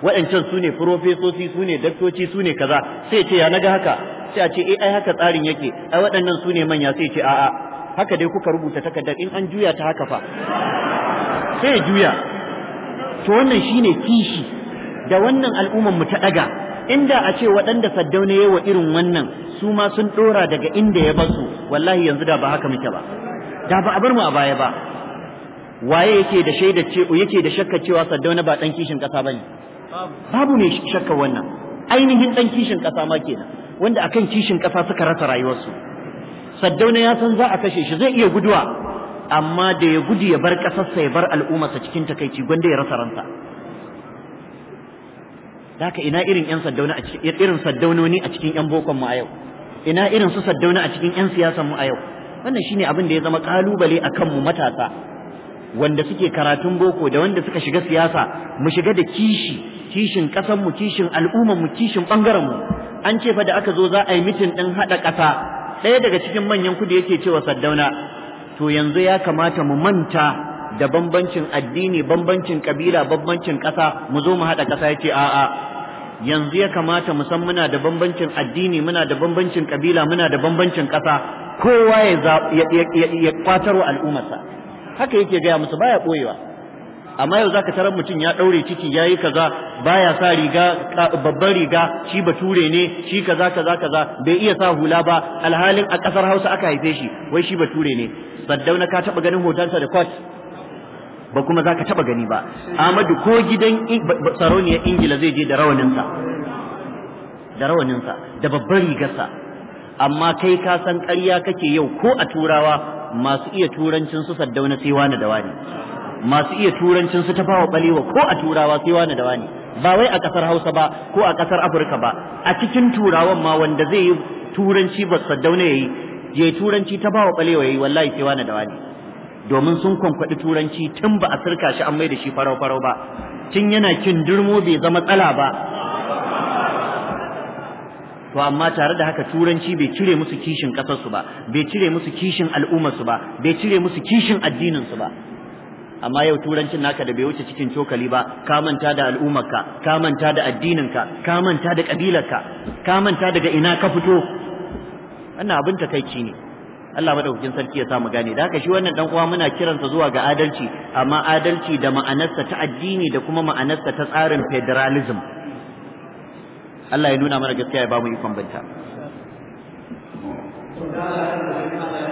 waɗancan su ne furofesoci su ne daktoci su ne kaza sai ce ya naga haka sai a ce eh ai haka tsarin yake ai waɗannan su ne manya sai ce a'a haka dai kuka rubuta takardar in an juya ta haka fa sai juya to wannan shine kishi da wannan al'ummar mu ta daga inda a ce waɗanda saddauna ya wa irin wannan su ma sun ɗora daga inda ya basu wallahi yanzu da ba haka muke ba da ba a bar mu a baya ba waye yake da shaida ce yake da shakka cewa Saddauna ba dan kishin kasa bane babu mai shakka wannan ainihin dan kishin kasa ma kenan wanda akan kishin kasa suka rasa rayuwarsu Saddauna ya san za a kashe shi zai iya guduwa amma da ya gudu ya bar sa ya bar al'ummarsa cikin takaici gwanda ya rasa ransa Daka ina irin yan saddauna a cikin irin saddaunoni a cikin yan bokon mu a yau ina irin su saddauna a cikin yan siyasan mu a yau wannan shine abin da ya zama kalubale akan mu matasa wanda suke karatun boko da wanda suka shiga siyasa mu shiga da kishi kishin kasan mu kishin al'umma mu kishin bangaren mu an ce fa da aka zo za a yi mitin din hada kasa ɗaya daga cikin manyan kudi yake cewa saddauna to yanzu ya kamata mu manta da bambancin addini bambancin kabila bambancin kasa mu zo mu hada kasa yace a'a yanzu ya kamata mu san muna da bambancin addini muna da bambancin kabila muna da bambancin ƙasa kowa ya ya kwatarwa al'ummarsa haka yake gaya musu baya ɓoyewa amma yau zaka tarar mutum ya ɗaure ciki ya yi kaza baya sa riga babban riga shi bature ne shi kaza kaza kaza bai iya sa hula ba alhalin a ƙasar hausa aka haife shi wai shi bature ne saddauna ka taɓa ganin hotonsa da court ba kuma za ka taɓa gani ba amadu ko gidan sarauniyar ingila zai je da rawaninsa da rawaninsa da babban rigarsa amma kai ka san ƙarya kake yau ko a turawa masu iya turancin su saddauna sai wani da wani masu iya turancin su tafawa balewa ko a turawa sai wani da wani ba wai a kasar Hausa ba ko a kasar Afirka ba a cikin turawan ma wanda zai yi turanci ba saddauna yayi je turanci tafawa balewa yayi wallahi sai wani da wani domin sun kwankwaɗi turanci tun ba a sirka shi an mai da shi farau-farau ba tun yana kin durmo bai zama tsala ba to amma tare da haka turanci bai cire musu kishin ƙasarsu ba bai cire musu kishin al'ummarsu ba bai cire musu kishin addininsu ba amma yau turancin naka da bai wuce cikin cokali ba ka manta da al'ummarka ka manta da addininka ka manta da ƙabilarka, ka manta daga ina ka fito wannan abin takaici ne Allah madaukakin sarki ya sa mu gane da haka shi wannan dan uwa muna kiransa zuwa ga adalci amma adalci da ma'anarsa ta addini da kuma ma'anarsa ta tsarin federalism Allah ya nuna mana gaskiya ya ba mu ikon banta